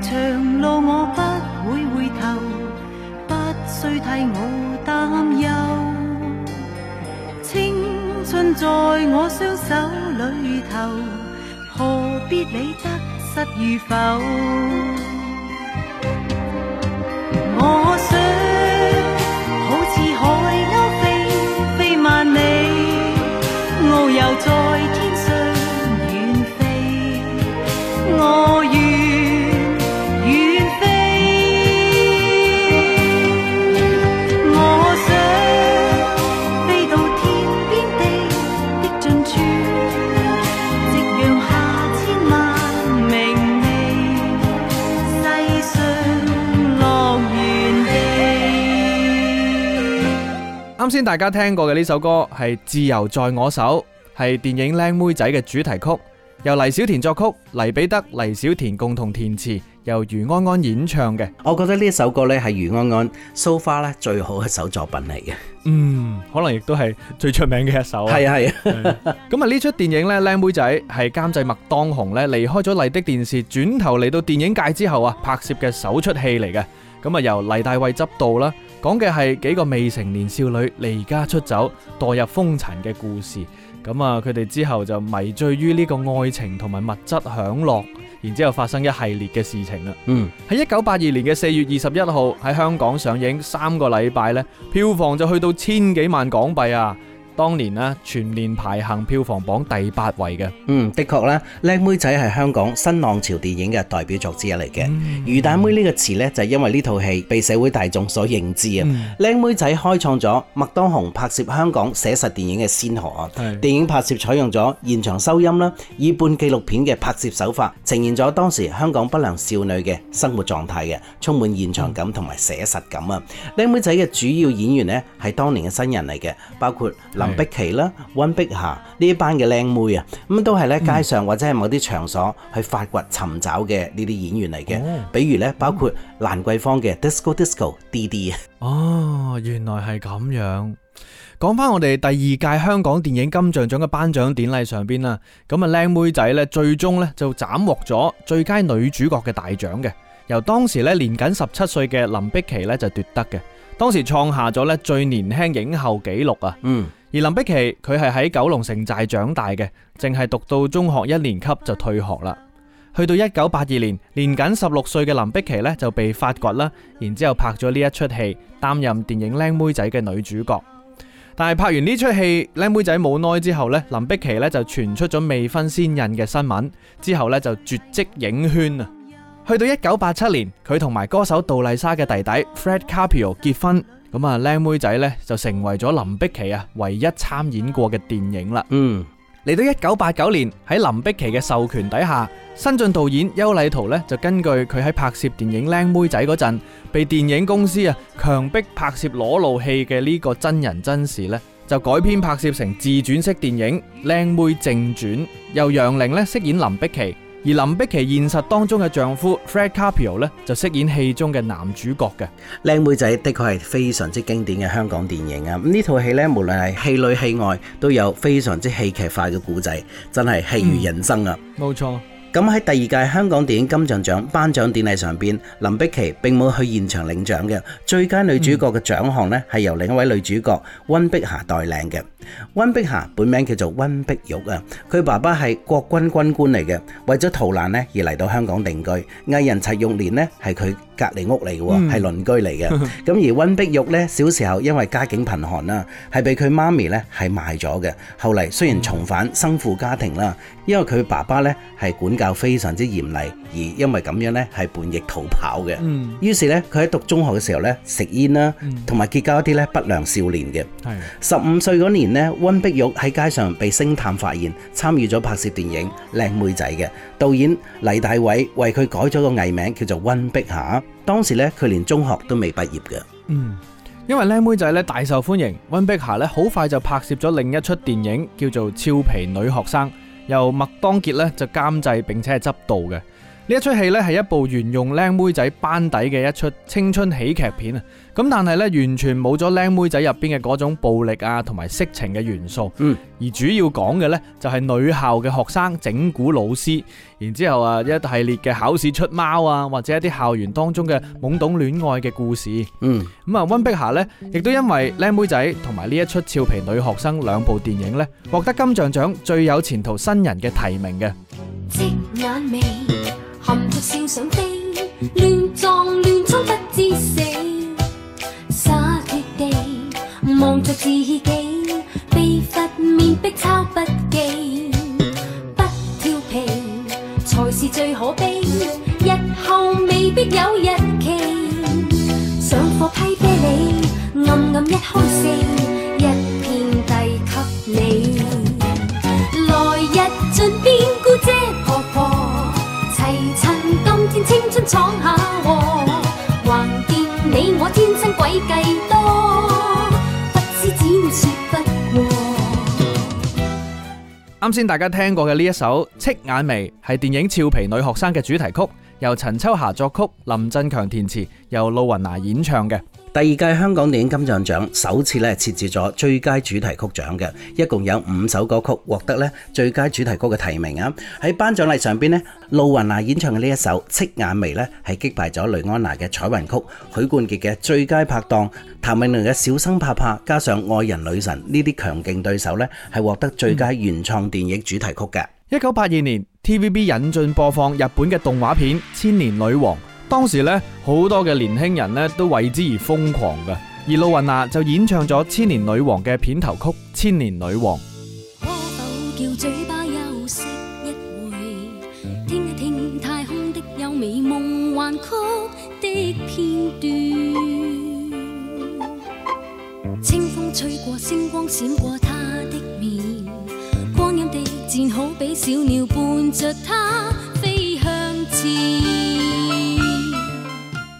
長路我不會回頭，不需替我擔憂。青春在我雙手裏頭，何必理得失與否？首先大家聽過嘅呢首歌係《自由在我手》，係電影《靚妹仔》嘅主題曲，由黎小田作曲，黎彼得、黎小田共同填詞，由余安安演唱嘅。我覺得呢一首歌咧係余安安 so far 咧最好嘅一首作品嚟嘅。嗯，可能亦都係最出名嘅一首。係啊係啊。咁啊呢出電影咧《靚妹仔》係監製麥當雄咧離開咗麗的電視，轉頭嚟到電影界之後啊拍攝嘅首出戲嚟嘅。咁啊由黎大偉執導啦。講嘅係幾個未成年少女離家出走，墮入風塵嘅故事。咁啊，佢哋之後就迷醉於呢個愛情同埋物質享樂，然之後發生一系列嘅事情啦。嗯，喺一九八二年嘅四月二十一號喺香港上映，三個禮拜咧票房就去到千幾萬港幣啊！當年呢全年排行票房榜第八位嘅，嗯，的確啦，靚妹仔係香港新浪潮電影嘅代表作之一嚟嘅。嗯、魚蛋妹呢個詞呢，就係因為呢套戲被社會大眾所認知啊。靚、嗯、妹仔開創咗麥當雄拍攝香港寫實電影嘅先河啊。是電影拍攝採用咗現場收音啦，以半紀錄片嘅拍攝手法呈現咗當時香港不良少女嘅生活狀態嘅，充滿現場感同埋寫實感啊。靚、嗯、妹仔嘅主要演員呢，係當年嘅新人嚟嘅，包括林林碧琪啦、溫碧霞呢一班嘅靚妹啊，咁都係咧街上或者係某啲場所去發掘尋找嘅呢啲演員嚟嘅。哦、比如咧，包括蘭桂坊嘅 Disco Disco D D 啊。哦，原來係咁樣。講翻我哋第二屆香港電影金像獎嘅頒獎典禮上邊啦，咁啊靚妹仔咧，最終咧就斬獲咗最佳女主角嘅大獎嘅，由當時咧年僅十七歲嘅林碧琪咧就奪得嘅，當時創下咗咧最年輕影后紀錄啊。嗯。而林碧琪佢係喺九龍城寨長大嘅，淨係讀到中學一年級就退學啦。去到一九八二年，年僅十六歲嘅林碧琪呢就被發掘啦，然之後拍咗呢一齣戲，擔任電影《靚妹仔》嘅女主角。但係拍完呢齣戲《靚妹仔》冇耐之後呢，林碧琪呢就傳出咗未婚先孕嘅新聞，之後呢就絕跡影圈啊。去到一九八七年，佢同埋歌手杜麗莎嘅弟弟 Fred Carpio 結婚。咁啊，靚妹仔咧就成為咗林碧琪啊唯一參演過嘅電影啦。嗯，嚟到一九八九年喺林碧琪嘅授權底下，新晉導演邱禮濤咧就根據佢喺拍攝電影《靚妹仔》嗰陣被電影公司啊強迫拍攝裸露戲嘅呢個真人真事咧，就改編拍攝成自傳式電影《靚妹正傳》，由楊玲咧飾演林碧琪。而林碧琪現實當中嘅丈夫 Fred Capio 咧，就飾演戲中嘅男主角嘅。靚妹仔的確係非常之經典嘅香港電影啊！咁呢套戲咧，無論係戲裏戲外，都有非常之戲劇化嘅故仔，真係戲如人生啊！冇錯、嗯。咁喺第二屆香港電影金像獎頒獎典禮上邊，林碧琪並冇去現場領獎嘅，最佳女主角嘅獎項咧係由另一位女主角温碧霞代領嘅。温碧霞本名叫做温碧玉啊,佢爸爸係國軍軍官嚟嘅,為咗逃難而嚟到香港定居。藝人陳玉蓮咧係佢。隔離屋嚟嘅喎，係鄰居嚟嘅。咁而溫碧玉咧，小時候因為家境貧寒啦，係被佢媽咪咧係賣咗嘅。後嚟雖然重返生父家庭啦，因為佢爸爸咧係管教非常之嚴厲，而因為咁樣咧係叛逆逃跑嘅。嗯。於是咧，佢喺讀中學嘅時候咧食煙啦，同埋結交一啲咧不良少年嘅。十五歲嗰年呢，溫碧玉喺街上被星探發現，參與咗拍攝電影《靚妹仔》嘅導演黎大偉為佢改咗個藝名叫做溫碧霞。當時咧，佢連中學都未畢業嘅。嗯，因為靚妹仔咧大受歡迎，溫碧霞咧好快就拍攝咗另一齣電影，叫做《俏皮女學生》，由麥當傑咧就監製並且係執導嘅。一戲，呢一齣戲咧係一部沿用靚妹仔班底嘅一齣青春喜劇片啊！咁但係咧完全冇咗靚妹仔入邊嘅嗰種暴力啊同埋色情嘅元素。嗯，而主要講嘅咧就係、是、女校嘅學生整蠱老師，然之後啊一系列嘅考試出貓啊或者一啲校園當中嘅懵懂戀愛嘅故事。嗯，咁啊溫碧霞呢，亦都因為靚妹仔同埋呢一齣俏皮女學生兩部電影咧獲得金像獎最有前途新人嘅提名嘅。嗯嗯笑想飛，亂撞亂衝不知死，傻脫灑脫地望着自己，被罰面壁抄筆記，不調皮才是最可悲，日後未必有日期。上課批啤你，暗暗一開四。日闖下禍，橫掂你我天生詭計多，不知剪切不過。啱先大家聽過嘅呢一首《戚眼眉》係電影《俏皮女學生》嘅主題曲，由陳秋霞作曲，林振強填詞，由露雲娜演唱嘅。第二屆香港電影金像獎首次咧設置咗最佳主題曲獎嘅，一共有五首歌曲獲得咧最佳主題曲嘅提名啊！喺頒獎禮上邊咧，露雲娜演唱嘅呢一首《戚眼眉》咧係擊敗咗雷安娜嘅《彩雲曲》，許冠傑嘅《最佳拍檔》，譚詠麟嘅《小生怕怕》，加上《愛人女神》呢啲強勁對手咧係獲得最佳原創電影主題曲嘅。一九八二年，TVB 引進播放日本嘅動畫片《千年女王》。當時呢，好多嘅年輕人呢都為之而瘋狂㗎，而露雲娜就演唱咗《千年女王》嘅片頭曲《千年女王》。可否叫嘴巴休息一會，聽一聽太空的優美夢幻曲的片段？清風吹過，星光閃過她的面，光陰的箭好比小鳥伴着她飛向前。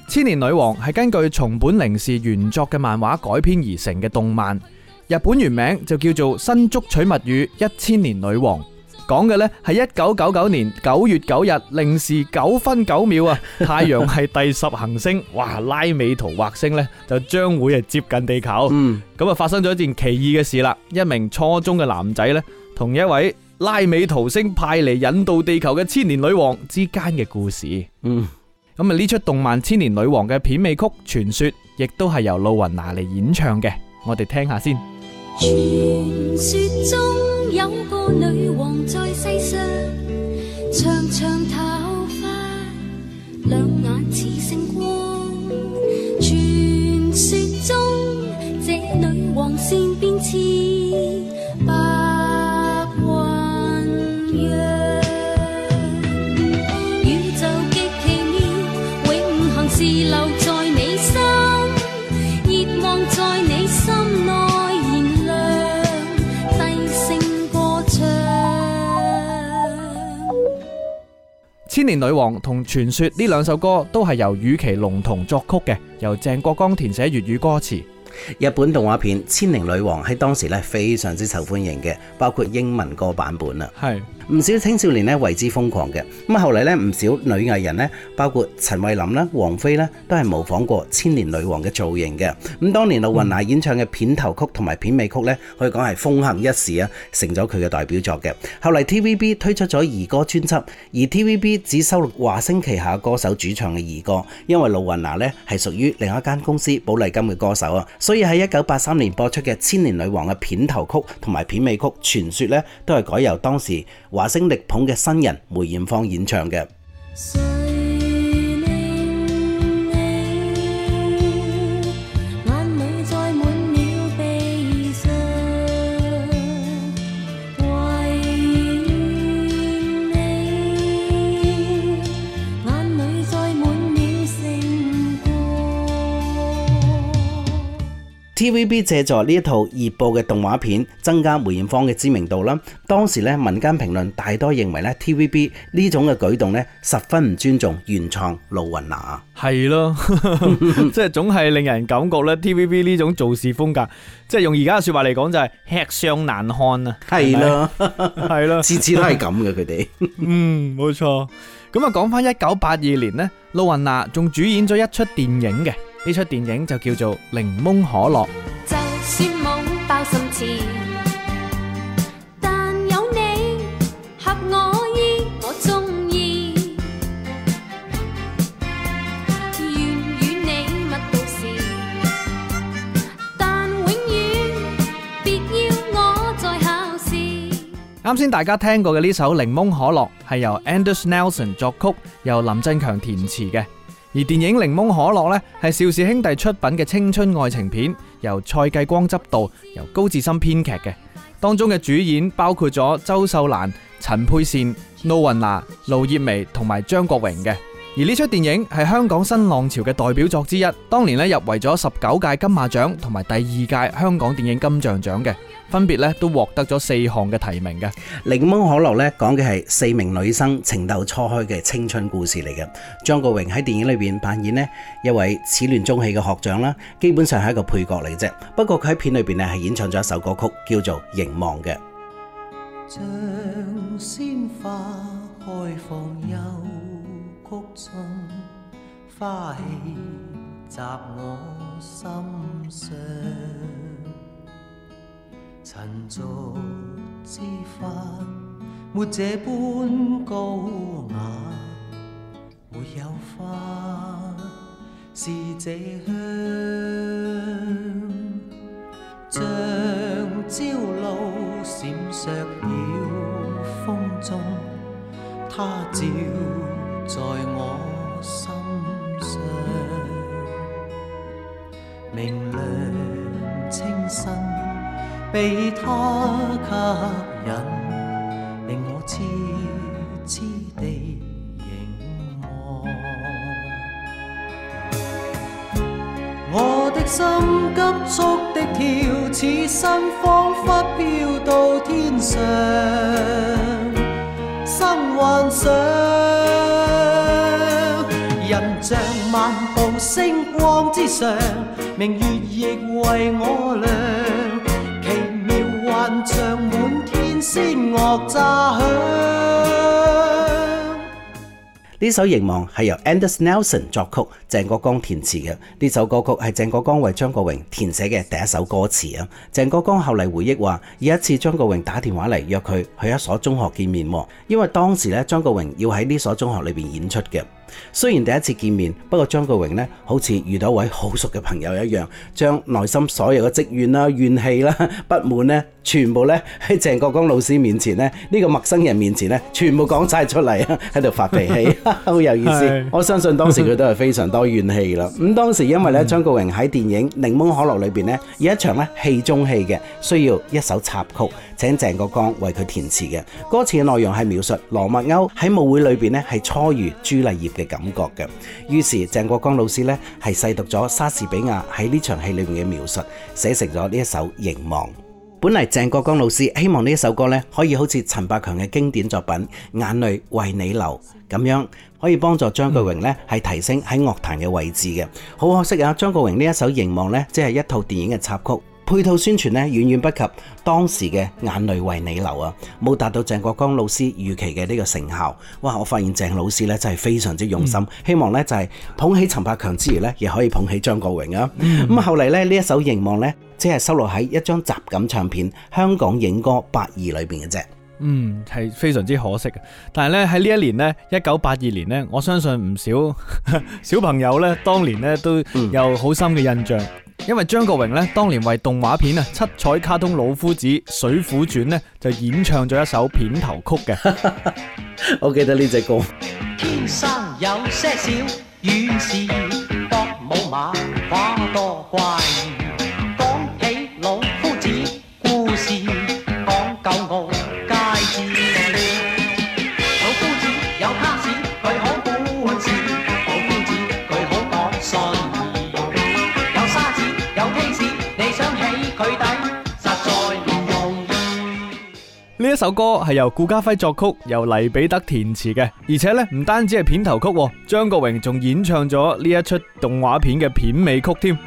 千年女王係根據松本零士原作嘅漫畫改編而成嘅動漫，日本原名就叫做《新竹取物語》。一千年女王講嘅呢係一九九九年九月九日零時九分九秒啊， 太陽系第十行星哇拉美圖惑星呢就將會啊接近地球，咁啊、嗯、發生咗一件奇異嘅事啦。一名初中嘅男仔呢，同一位拉美圖星派嚟引導地球嘅千年女王之間嘅故事。嗯。咁啊！呢出動漫《千年女王》嘅片尾曲《傳說》亦都係由露雲娜嚟演唱嘅，我哋聽下先。傳說中有個女王在世上，長長頭髮，兩眼似星光。傳說中這女王善變似？《千年女王》同《傳說》呢兩首歌都係由羽其龍同作曲嘅，由鄭國江填寫粵語歌詞。日本動畫片《千年女王》喺當時咧非常之受歡迎嘅，包括英文歌版本啦。係。唔少青少年咧為之瘋狂嘅，咁啊後嚟咧唔少女藝人咧，包括陳慧琳啦、王菲啦，都係模仿過《千年女王》嘅造型嘅。咁當年露雲娜演唱嘅片頭曲同埋片尾曲咧，可以講係風行一時啊，成咗佢嘅代表作嘅。後嚟 TVB 推出咗兒歌專輯，而 TVB 只收錄華星旗下歌手主唱嘅兒歌，因為露雲娜咧係屬於另一間公司寶麗金嘅歌手啊，所以喺一九八三年播出嘅《千年女王》嘅片頭曲同埋片尾曲《傳說》咧，都係改由當時華星力捧嘅新人梅艷芳演唱嘅。TVB 借助呢一套熱播嘅動畫片，增加梅艷芳嘅知名度啦。當時咧，民間評論大多認為咧 TVB 呢種嘅舉動咧，十分唔尊重原創。露雲娜係咯，即係總係令人感覺咧 TVB 呢種做事風格，即係用而家嘅說話嚟講就係、是、吃相難看啊！係咯，係咯，次次都係咁嘅佢哋。的們嗯，冇錯。咁啊，講翻一九八二年咧，露雲娜仲主演咗一出電影嘅。呢出電影就叫做《檸檬可樂》。就算冇包心，但有你合我意。我中意但永遠別要我再考試。啱先大家聽過嘅呢首《檸檬可樂》係由 Anders Nelson 作曲，由林振強填詞嘅。而電影《檸檬可樂》咧，係邵氏兄弟出品嘅青春愛情片，由蔡繼光執導，由高志森編劇嘅，當中嘅主演包括咗周秀蘭、陳佩善、露雲娜、盧業媚同埋張國榮嘅。而呢出電影係香港新浪潮嘅代表作之一，當年咧，入圍咗十九屆金馬獎同埋第二屆香港電影金像獎嘅。分別咧都獲得咗四項嘅提名嘅。《檸檬可樂》咧講嘅係四名女生情竇初開嘅青春故事嚟嘅。張國榮喺電影裏邊扮演咧一位始亂終棄嘅學長啦，基本上係一個配角嚟啫。不過佢喺片裏邊咧係演唱咗一首歌曲叫做《凝望》嘅。像鮮花開放幽谷中，花氣襲我心上。塵俗之花，沒這般高雅。沒有花，是這香，像朝露閃爍了風中，它照在我心上，明亮清新。被他吸引，令我痴痴地凝望。 我的心急速的跳，似心仿佛飄到天上，心幻想，人像漫步星光之上，明月亦為我亮。像滿天仙樂炸響。呢首《凝望》係由 Anders Nelson 作曲，鄭國江填詞嘅。呢首歌曲係鄭國江為張國榮填寫嘅第一首歌詞啊！鄭國江後嚟回憶話，有一次張國榮打電話嚟約佢去一所中學見面，因為當時咧張國榮要喺呢所中學裏邊演出嘅。雖然第一次見面，不過張國榮咧好似遇到一位好熟嘅朋友一樣，將內心所有嘅積怨啦、怨氣啦、不滿咧，全部咧喺鄭國江老師面前咧，呢個陌生人面前咧，全部講晒出嚟，喺度發脾氣，好 有意思。 我相信當時佢都係非常多怨氣啦。咁當時因為咧，張國榮喺電影《檸檬可樂》裏邊咧，有一場咧戲中戲嘅，需要一首插曲。請鄭國江為佢填詞嘅歌詞嘅內容係描述羅密歐喺舞會裏邊咧係初遇朱麗葉嘅感覺嘅。於是鄭國江老師咧係細讀咗莎士比亞喺呢場戲裏面嘅描述，寫成咗呢一首《凝望》。本嚟鄭國江老師希望呢一首歌咧可以好似陳百強嘅經典作品《眼淚為你流》咁樣，可以幫助張國榮咧係提升喺樂壇嘅位置嘅。好可惜啊，張國榮呢一首《凝望》呢，即係一套電影嘅插曲。配套宣傳咧，遠遠不及當時嘅眼淚為你流啊，冇達到鄭國江老師預期嘅呢個成效。哇！我發現鄭老師咧真係非常之用心，嗯、希望咧就係捧起陳百強之餘咧，亦可以捧起張國榮啊。咁、嗯、後嚟咧，呢一首凝望咧，只係收錄喺一張集錦唱片《香港影歌八二》裏邊嘅啫。嗯，係非常之可惜。但係咧喺呢一年呢，一九八二年呢，我相信唔少小朋友咧，當年咧都有好深嘅印象。嗯因為張國榮咧，當年為動畫片啊《七彩卡通老夫子水虎傳》咧，就演唱咗一首片頭曲嘅， 我記得呢隻歌。天生有些小，是多,多怪。呢一首歌係由顧嘉輝作曲，由黎彼得填詞嘅，而且呢唔單止係片頭曲，張國榮仲演唱咗呢一出動畫片嘅片尾曲添。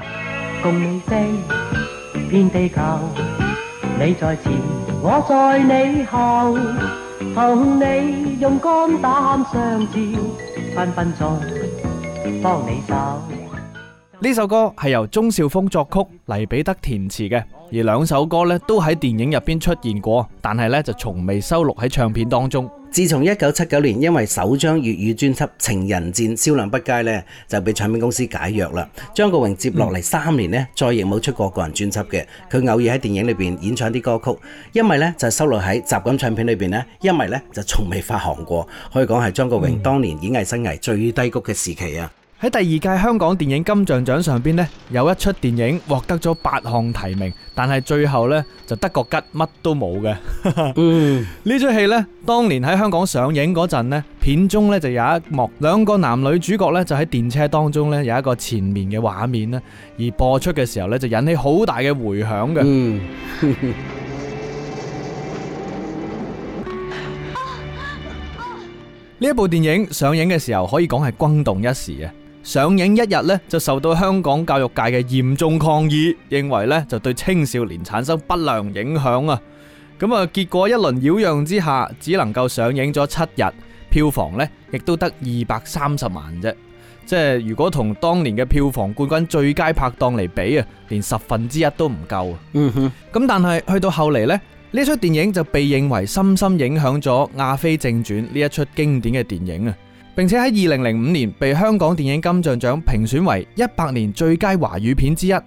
呢首歌係由鍾少峰作曲、黎彼得填詞嘅，而兩首歌咧都喺電影入邊出現過，但係呢就從未收錄喺唱片當中。自從一九七九年因為首張粵語專輯《情人戰》銷量不佳呢就俾唱片公司解約啦。張國榮接落嚟三年呢，嗯、再亦冇出過個人專輯嘅，佢偶爾喺電影裏邊演唱啲歌曲，一係呢就收錄喺集錦唱片裏邊呢，一係呢就從未發行過，可以講係張國榮當年演藝生涯最低谷嘅時期啊。嗯喺第二屆香港電影金像獎上邊咧，有一出電影獲得咗八項提名，但係最後呢就得個吉，乜都冇嘅。嗯，呢出戲呢，當年喺香港上映嗰陣咧，片中呢就有一幕，兩個男女主角呢就喺電車當中呢有一個纏綿嘅畫面咧，而播出嘅時候呢就引起好大嘅回響嘅。嗯，呢一部電影上映嘅時候，可以講係轟動一時嘅。上映一日呢就受到香港教育界嘅嚴重抗議，認為呢就對青少年產生不良影響啊！咁、嗯、啊，結果一輪擾攘之下，只能夠上映咗七日，票房呢亦都得二百三十萬啫。即係如果同當年嘅票房冠軍《最佳拍檔》嚟比啊，連十分之一都唔夠啊！嗯哼，咁但係去到後嚟呢，呢出電影就被認為深深影響咗《阿飛正傳》呢一出經典嘅電影啊！並且喺二零零五年被香港電影金像獎評選為一百年最佳華語片之一，呢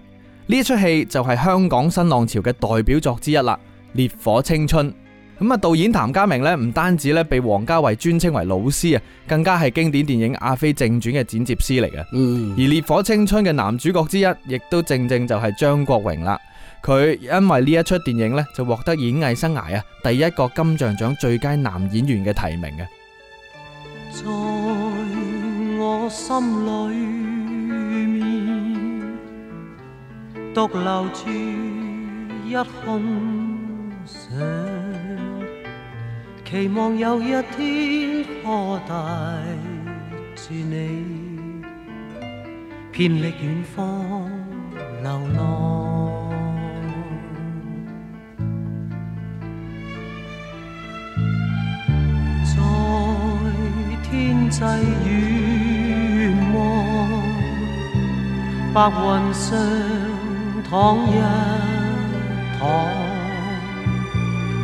一出戲就係香港新浪潮嘅代表作之一啦，《烈火青春》。咁、嗯、啊，導演譚家明咧，唔單止咧被王家衛尊稱為老師啊，更加係經典電影《阿飛正傳》嘅剪接師嚟嘅。Mm. 而《烈火青春》嘅男主角之一，亦都正正就係張國榮啦。佢因為呢一出電影咧，就獲得演藝生涯啊第一個金像獎最佳男演員嘅提名嘅。在我心裏面，獨留住一空想，期望有一天可帶住你，遍歷遠方流浪。世雨望，白雲上躺一躺。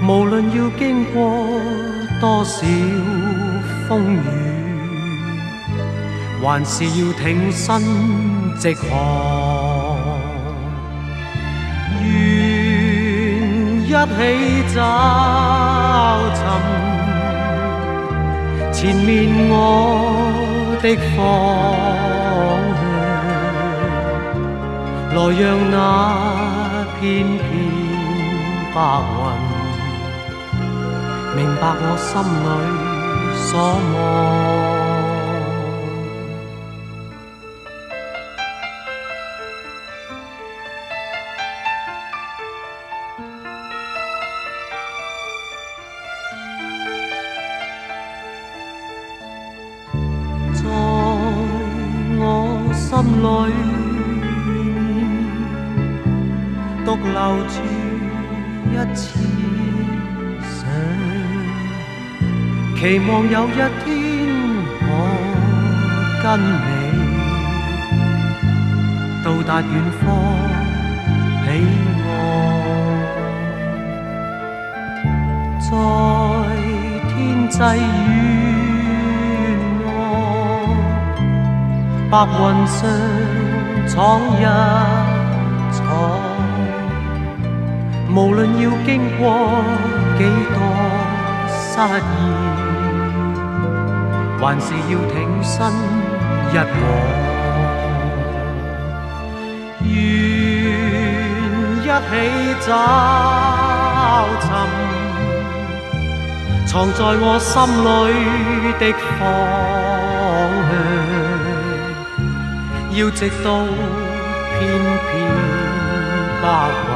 無論要經過多少風雨，還是要挺身直航，願一起找尋。前面我的方向，來讓那片片白雲明白我心裏所望。期望有一天可跟你，到達遠方彼岸，在天際遠望，白雲上闖一闖，無論要經過幾多失意。還是要挺身一往，願一起找尋藏在我心裏的方向。要直到片片白雲，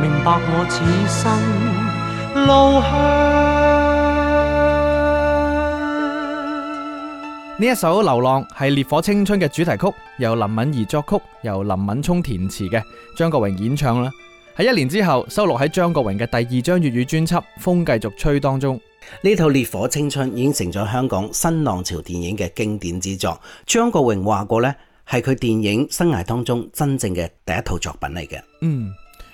明白我此生路向。呢一首《流浪》係《烈火青春》嘅主題曲，由林敏怡作曲，由林敏聰填詞嘅，張國榮演唱啦。喺一年之後，收錄喺張國榮嘅第二張粵語專輯《風繼續吹》當中。呢套《烈火青春》已經成咗香港新浪潮電影嘅經典之作。張國榮話過，呢係佢電影生涯當中真正嘅第一套作品嚟嘅。嗯。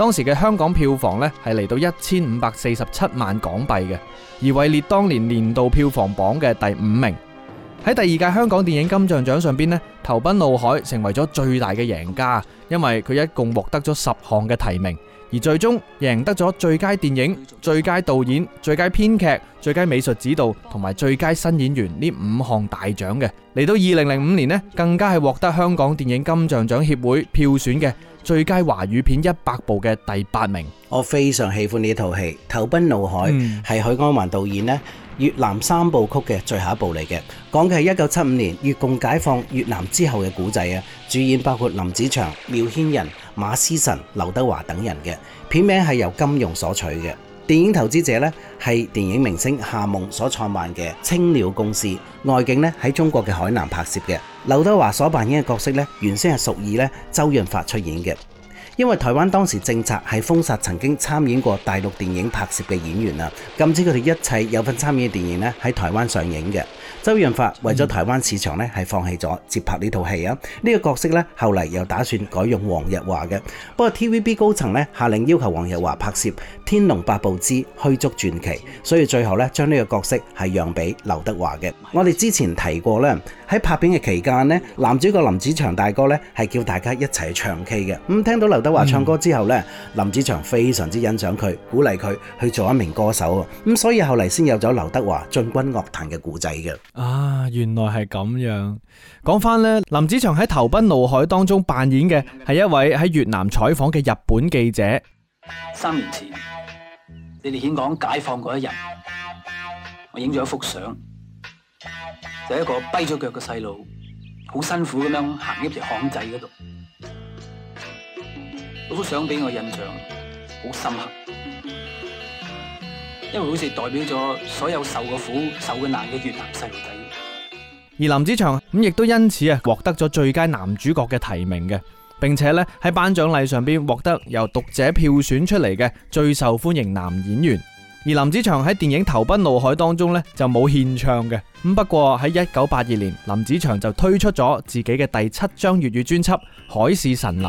當時嘅香港票房呢係嚟到一千五百四十七萬港幣嘅，而位列當年年度票房榜嘅第五名。喺第二屆香港電影金像獎上邊呢，投奔怒海成為咗最大嘅贏家，因為佢一共獲得咗十項嘅提名，而最終贏得咗最佳電影、最佳導演、最佳編劇、最佳美術指導同埋最佳新演員呢五項大獎嘅。嚟到二零零五年呢，更加係獲得香港電影金像獎協會票選嘅。最佳華語片一百部嘅第八名，我非常喜歡呢套戲《投奔怒海》，係許鞍華導演咧越南三部曲嘅最後一部嚟嘅，講嘅係一九七五年越共解放越南之後嘅古仔啊，主演包括林子祥、繆騫人、馬斯晨、劉德華等人嘅，片名係由金庸所取嘅。電影投資者呢，係電影明星夏夢所創辦嘅青鳥公司，外景呢，喺中國嘅海南拍攝嘅。劉德華所扮演嘅角色呢，原先係屬意呢周潤發出演嘅，因為台灣當時政策係封殺曾經參演過大陸電影拍攝嘅演員啦，禁止佢哋一切有份參演嘅電影呢喺台灣上映嘅。周潤發為咗台灣市場咧，係放棄咗接拍呢套戲啊！呢個角色咧，後嚟又打算改用黃日華嘅。不過 TVB 高層咧，下令要求黃日華拍攝《天龍八部之虛竹傳奇》，所以最後咧將呢個角色係讓俾劉德華嘅。我哋之前提過咧，喺拍片嘅期間呢，男主角林子祥大哥咧係叫大家一齊去唱 K 嘅。咁聽到劉德華唱歌之後咧，林子祥非常之欣賞佢，鼓勵佢去做一名歌手啊！咁所以後嚟先有咗劉德華進軍樂壇嘅故仔嘅。啊，原來係咁樣。講翻咧，林子祥喺《投奔怒海》當中扮演嘅係一位喺越南採訪嘅日本記者。三年前，你哋講解放嗰一日，我影咗一幅相，就係一個跛咗腳嘅細路，好辛苦咁樣行入條巷仔嗰度。嗰幅相俾我印象好深刻。因為好似代表咗所有受過苦、受過難嘅越南細路仔，而林子祥咁亦都因此啊獲得咗最佳男主角嘅提名嘅，並且呢，喺頒獎禮上邊獲得由讀者票選出嚟嘅最受歡迎男演員。而林子祥喺電影《投奔怒海》當中呢，就冇獻唱嘅，咁不過喺一九八二年，林子祥就推出咗自己嘅第七張粵語專輯《海市蜃樓》。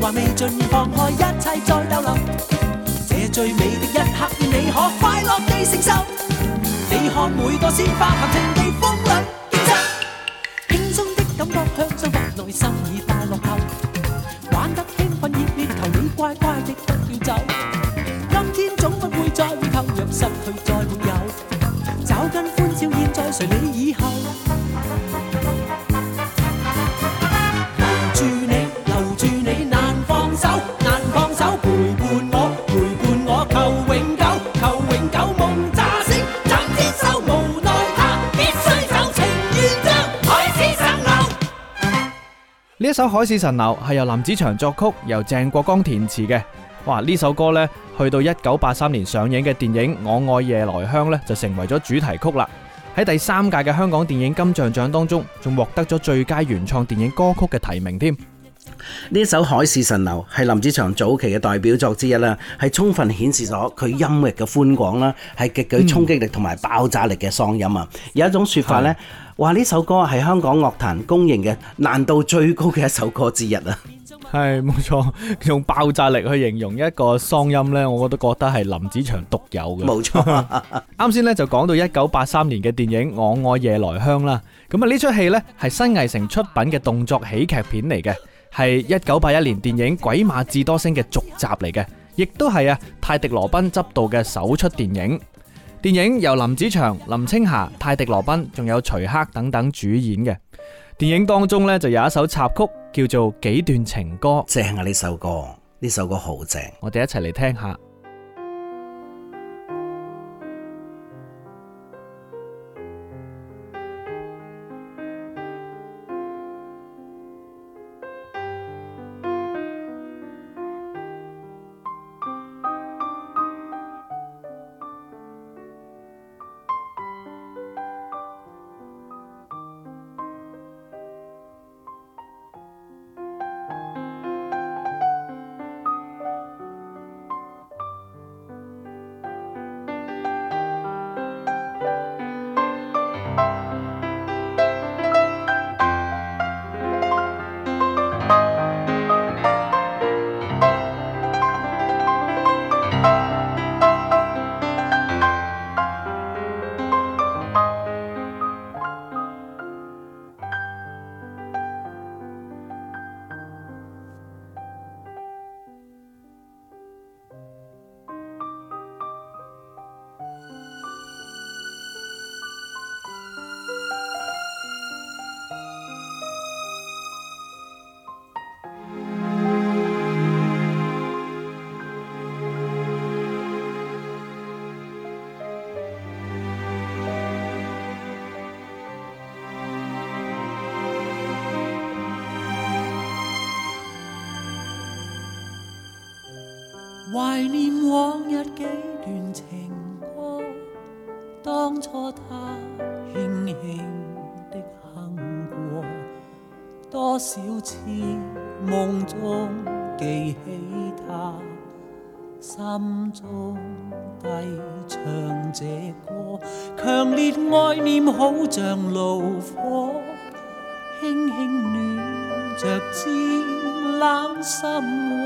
還未盡放開一切再逗留，這最美的一刻願你可快樂地承受。你看每個鮮花含情地風兩肩枕，輕鬆 的感覺向上內心已大落後，玩得興奮熱烈，烈求你乖乖的不要走。今天總不會再回頭，若失去再沒有，找根歡笑現在誰理以後。呢首《海市蜃樓》係由林子祥作曲，由鄭國江填詞嘅。哇！呢首歌咧，去到一九八三年上映嘅電影《我愛夜來香》咧，就成為咗主題曲啦。喺第三屆嘅香港電影金像獎當中，仲獲得咗最佳原創電影歌曲嘅提名添。呢首《海市蜃樓》係林子祥早期嘅代表作之一啦，係充分顯示咗佢音域嘅寬廣啦，係極具衝擊力同埋爆炸力嘅嗓音啊！有一種說法呢。話呢首歌係香港樂壇公認嘅難度最高嘅一首歌之一啊！係冇錯，用爆炸力去形容一個嗓音呢，我都覺得係林子祥獨有嘅。冇錯、啊，啱先 呢就講到一九八三年嘅電影《我愛夜來香》啦。咁啊呢齣戲呢係新藝城出品嘅動作喜劇片嚟嘅，係一九八一年電影《鬼馬智多星》嘅續集嚟嘅，亦都係啊泰迪羅賓執導嘅首齣電影。電影由林子祥、林青霞、泰迪羅賓仲有徐克等等主演嘅電影當中呢，就有一首插曲叫做《幾段情歌》，正啊！呢首歌，呢首歌好正，我哋一齊嚟聽下。懷念往日幾段情歌，當初他輕輕的哼過，多少次夢中記起他，心中低唱這歌，強烈愛念好像爐火，輕輕暖着知冷心。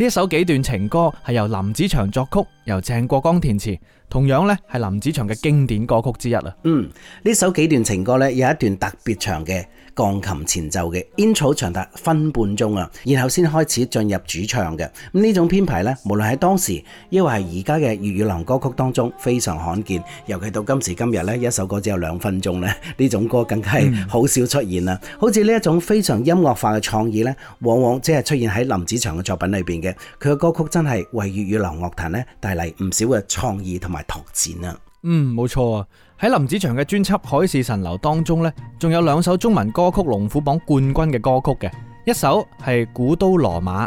呢首幾段情歌係由林子祥作曲，由鄭國江填詞，同樣咧係林子祥嘅經典歌曲之一啊。嗯，呢首幾段情歌咧有一段特別長嘅鋼琴前奏嘅，intro 長達分半鐘啊，然後先開始進入主唱嘅。咁呢種編排咧，無論喺當時抑或係而家嘅粵語流行歌曲當中非常罕見，尤其到今時今日咧，一首歌只有兩分鐘咧，呢種歌更加係好少出現啦。嗯、好似呢一種非常音樂化嘅創意咧，往往即係出現喺林子祥嘅作品裏邊嘅。佢嘅歌曲真係為粵語流行樂壇呢帶嚟唔少嘅創意同埋拓展啊！嗯，冇錯啊！喺林子祥嘅專輯《海市蜃樓》當中呢，仲有兩首中文歌曲龍虎榜冠軍嘅歌曲嘅，一首係《古都羅馬》。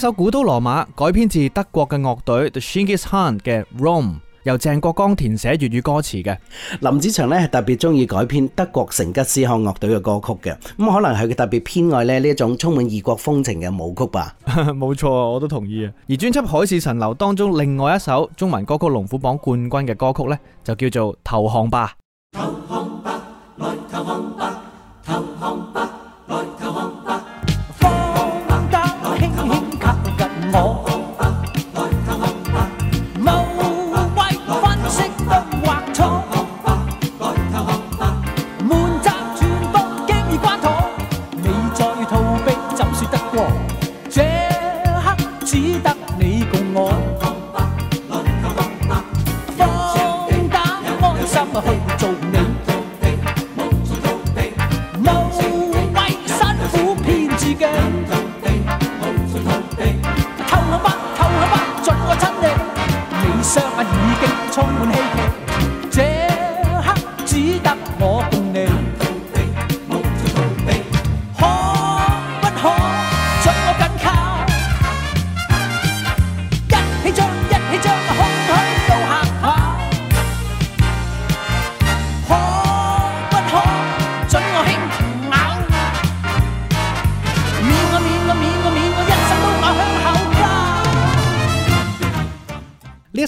首《古都羅馬》改編自德國嘅樂隊 Dschinghis Khan 嘅《Rome》，由鄭國江填寫粵語歌詞嘅。林子祥呢係特別中意改編德國成吉思汗樂隊嘅歌曲嘅，咁、嗯、可能係佢特別偏愛呢，呢一種充滿異國風情嘅舞曲吧。冇錯， 我都同意啊。而專輯《海市蜃樓》當中另外一首中文歌曲《龍虎榜冠軍》嘅歌曲呢，就叫做《投降吧》。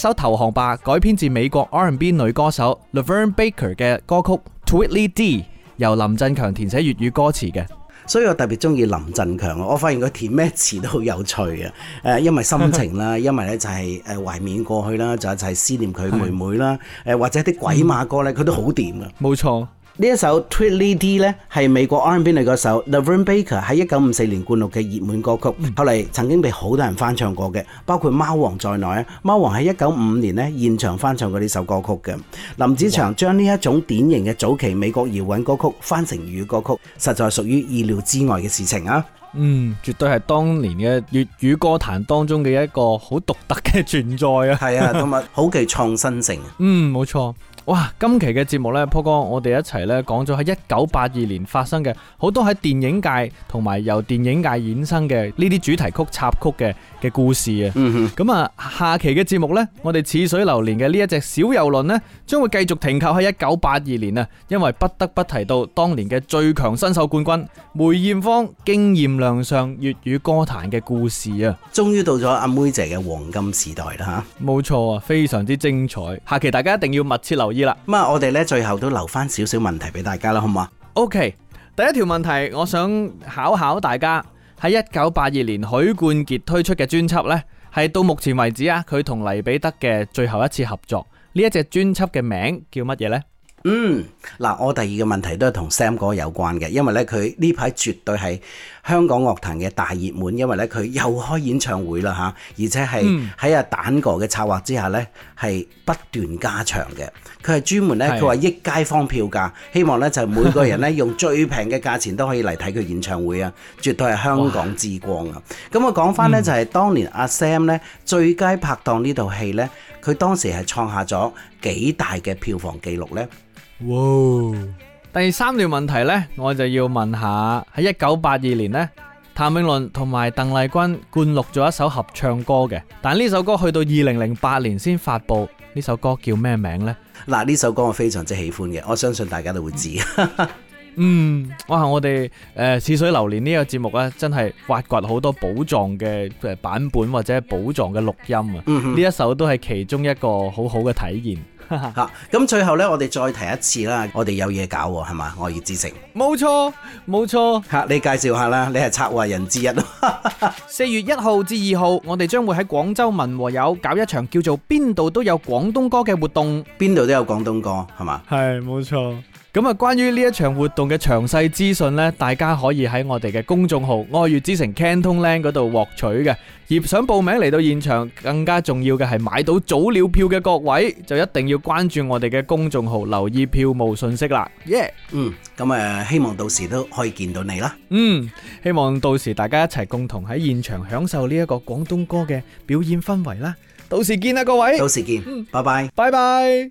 首《投降吧》改編自美國 R&B 女歌手 Laverne Baker 嘅歌曲《Tweedlee Dee》，由林振強填寫粵語歌詞嘅，所以我特別中意林振強。我發現佢填咩詞都好有趣啊！誒，因為心情啦， 因為咧就係誒懷緬過去啦，仲有就係、是、思念佢妹妹啦，誒 或者啲鬼馬歌咧，佢都好掂啊！冇錯。呢一首 Tweedlee Dee 呢，係美國 R&B 嚟嘅首，Lavern Baker 喺一九五四年灌錄嘅熱門歌曲，後嚟曾經被好多人翻唱過嘅，包括貓王在內啊。貓王喺一九五五年咧現場翻唱過呢首歌曲嘅。林子祥將呢一種典型嘅早期美國搖滾歌曲翻成粵語歌曲，實在屬於意料之外嘅事情啊。嗯，絕對係當年嘅粵語歌壇當中嘅一個好獨特嘅存在 啊。係啊，同埋好具創新性。嗯，冇錯。哇！今期嘅節目咧，波哥我哋一齊咧講咗喺一九八二年發生嘅好多喺電影界同埋由電影界衍生嘅呢啲主題曲插曲嘅嘅故事啊。咁啊、嗯哼嗯，下期嘅節目咧，我哋《似水流年》嘅呢一隻小遊輪咧，將會繼續停靠喺一九八二年啊，因為不得不提到當年嘅最強新秀冠軍梅艷芳驚艷亮相粵語歌壇嘅故事啊。終於到咗阿妹姐嘅黃金時代啦吓，冇錯啊，非常之精彩。下期大家一定要密切留意。依啦，咁啊，我哋咧最後都留翻少少問題俾大家啦，好唔好啊？OK，第一條問題，我想考考大家喺一九八二年許冠傑推出嘅專輯呢，係到目前為止啊，佢同黎彼得嘅最後一次合作呢一隻專輯嘅名叫乜嘢呢？嗯，嗱，我第二個問題都係同 Sam 哥有關嘅，因為呢佢呢排絕對係。香港樂壇嘅大熱門，因為咧佢又開演唱會啦嚇，而且係喺阿蛋哥嘅策劃之下咧，係不斷加場嘅。佢係專門咧，佢話的益街坊票價，希望咧就每個人咧用最平嘅價錢都可以嚟睇佢演唱會啊！絕對係香港之光啊！咁我講返咧就係當年阿 Sam 咧最佳拍檔呢套戲咧，佢當時係創下咗幾大嘅票房紀錄咧。第三條問題呢，我就要問下喺一九八二年呢，譚詠麟同埋鄧麗君灌錄咗一首合唱歌嘅，但呢首歌去到二零零八年先發布，呢首歌叫咩名呢？嗱，呢首歌我非常之喜歡嘅，我相信大家都會知。 嗯，哇！我哋誒《似、呃、水流年》呢個節目咧、啊，真係挖掘好多寶藏嘅版本或者寶藏嘅錄音啊！呢、嗯、哼一首都係其中一個好好嘅體現。吓，咁最後呢，我哋再提一次啦，我哋有嘢搞喎，係嘛？愛粵之城，冇錯，冇錯。嚇，你介紹下啦，你係策劃人之一咯。四 月一號至二號，我哋將會喺廣州文和友搞一場叫做邊度都有廣東歌嘅活動。邊度都有廣東歌，係嘛？係，冇錯。咁啊，關於呢一場活動嘅詳細資訊呢，大家可以喺我哋嘅公眾號愛粵之城 CantonLand 嗰度獲取嘅。而想報名嚟到現場，更加重要嘅係買到早鳥票嘅各位，就一定要關注我哋嘅公眾號，留意票務信息啦。耶、yeah!，嗯。咁啊，希望到時都可以見到你啦。嗯，希望到時，到、嗯、望到時大家一齊共同喺現場享受呢一個廣東歌嘅表演氛圍啦。到時見啦，各位。到時見。嗯、拜拜。拜拜。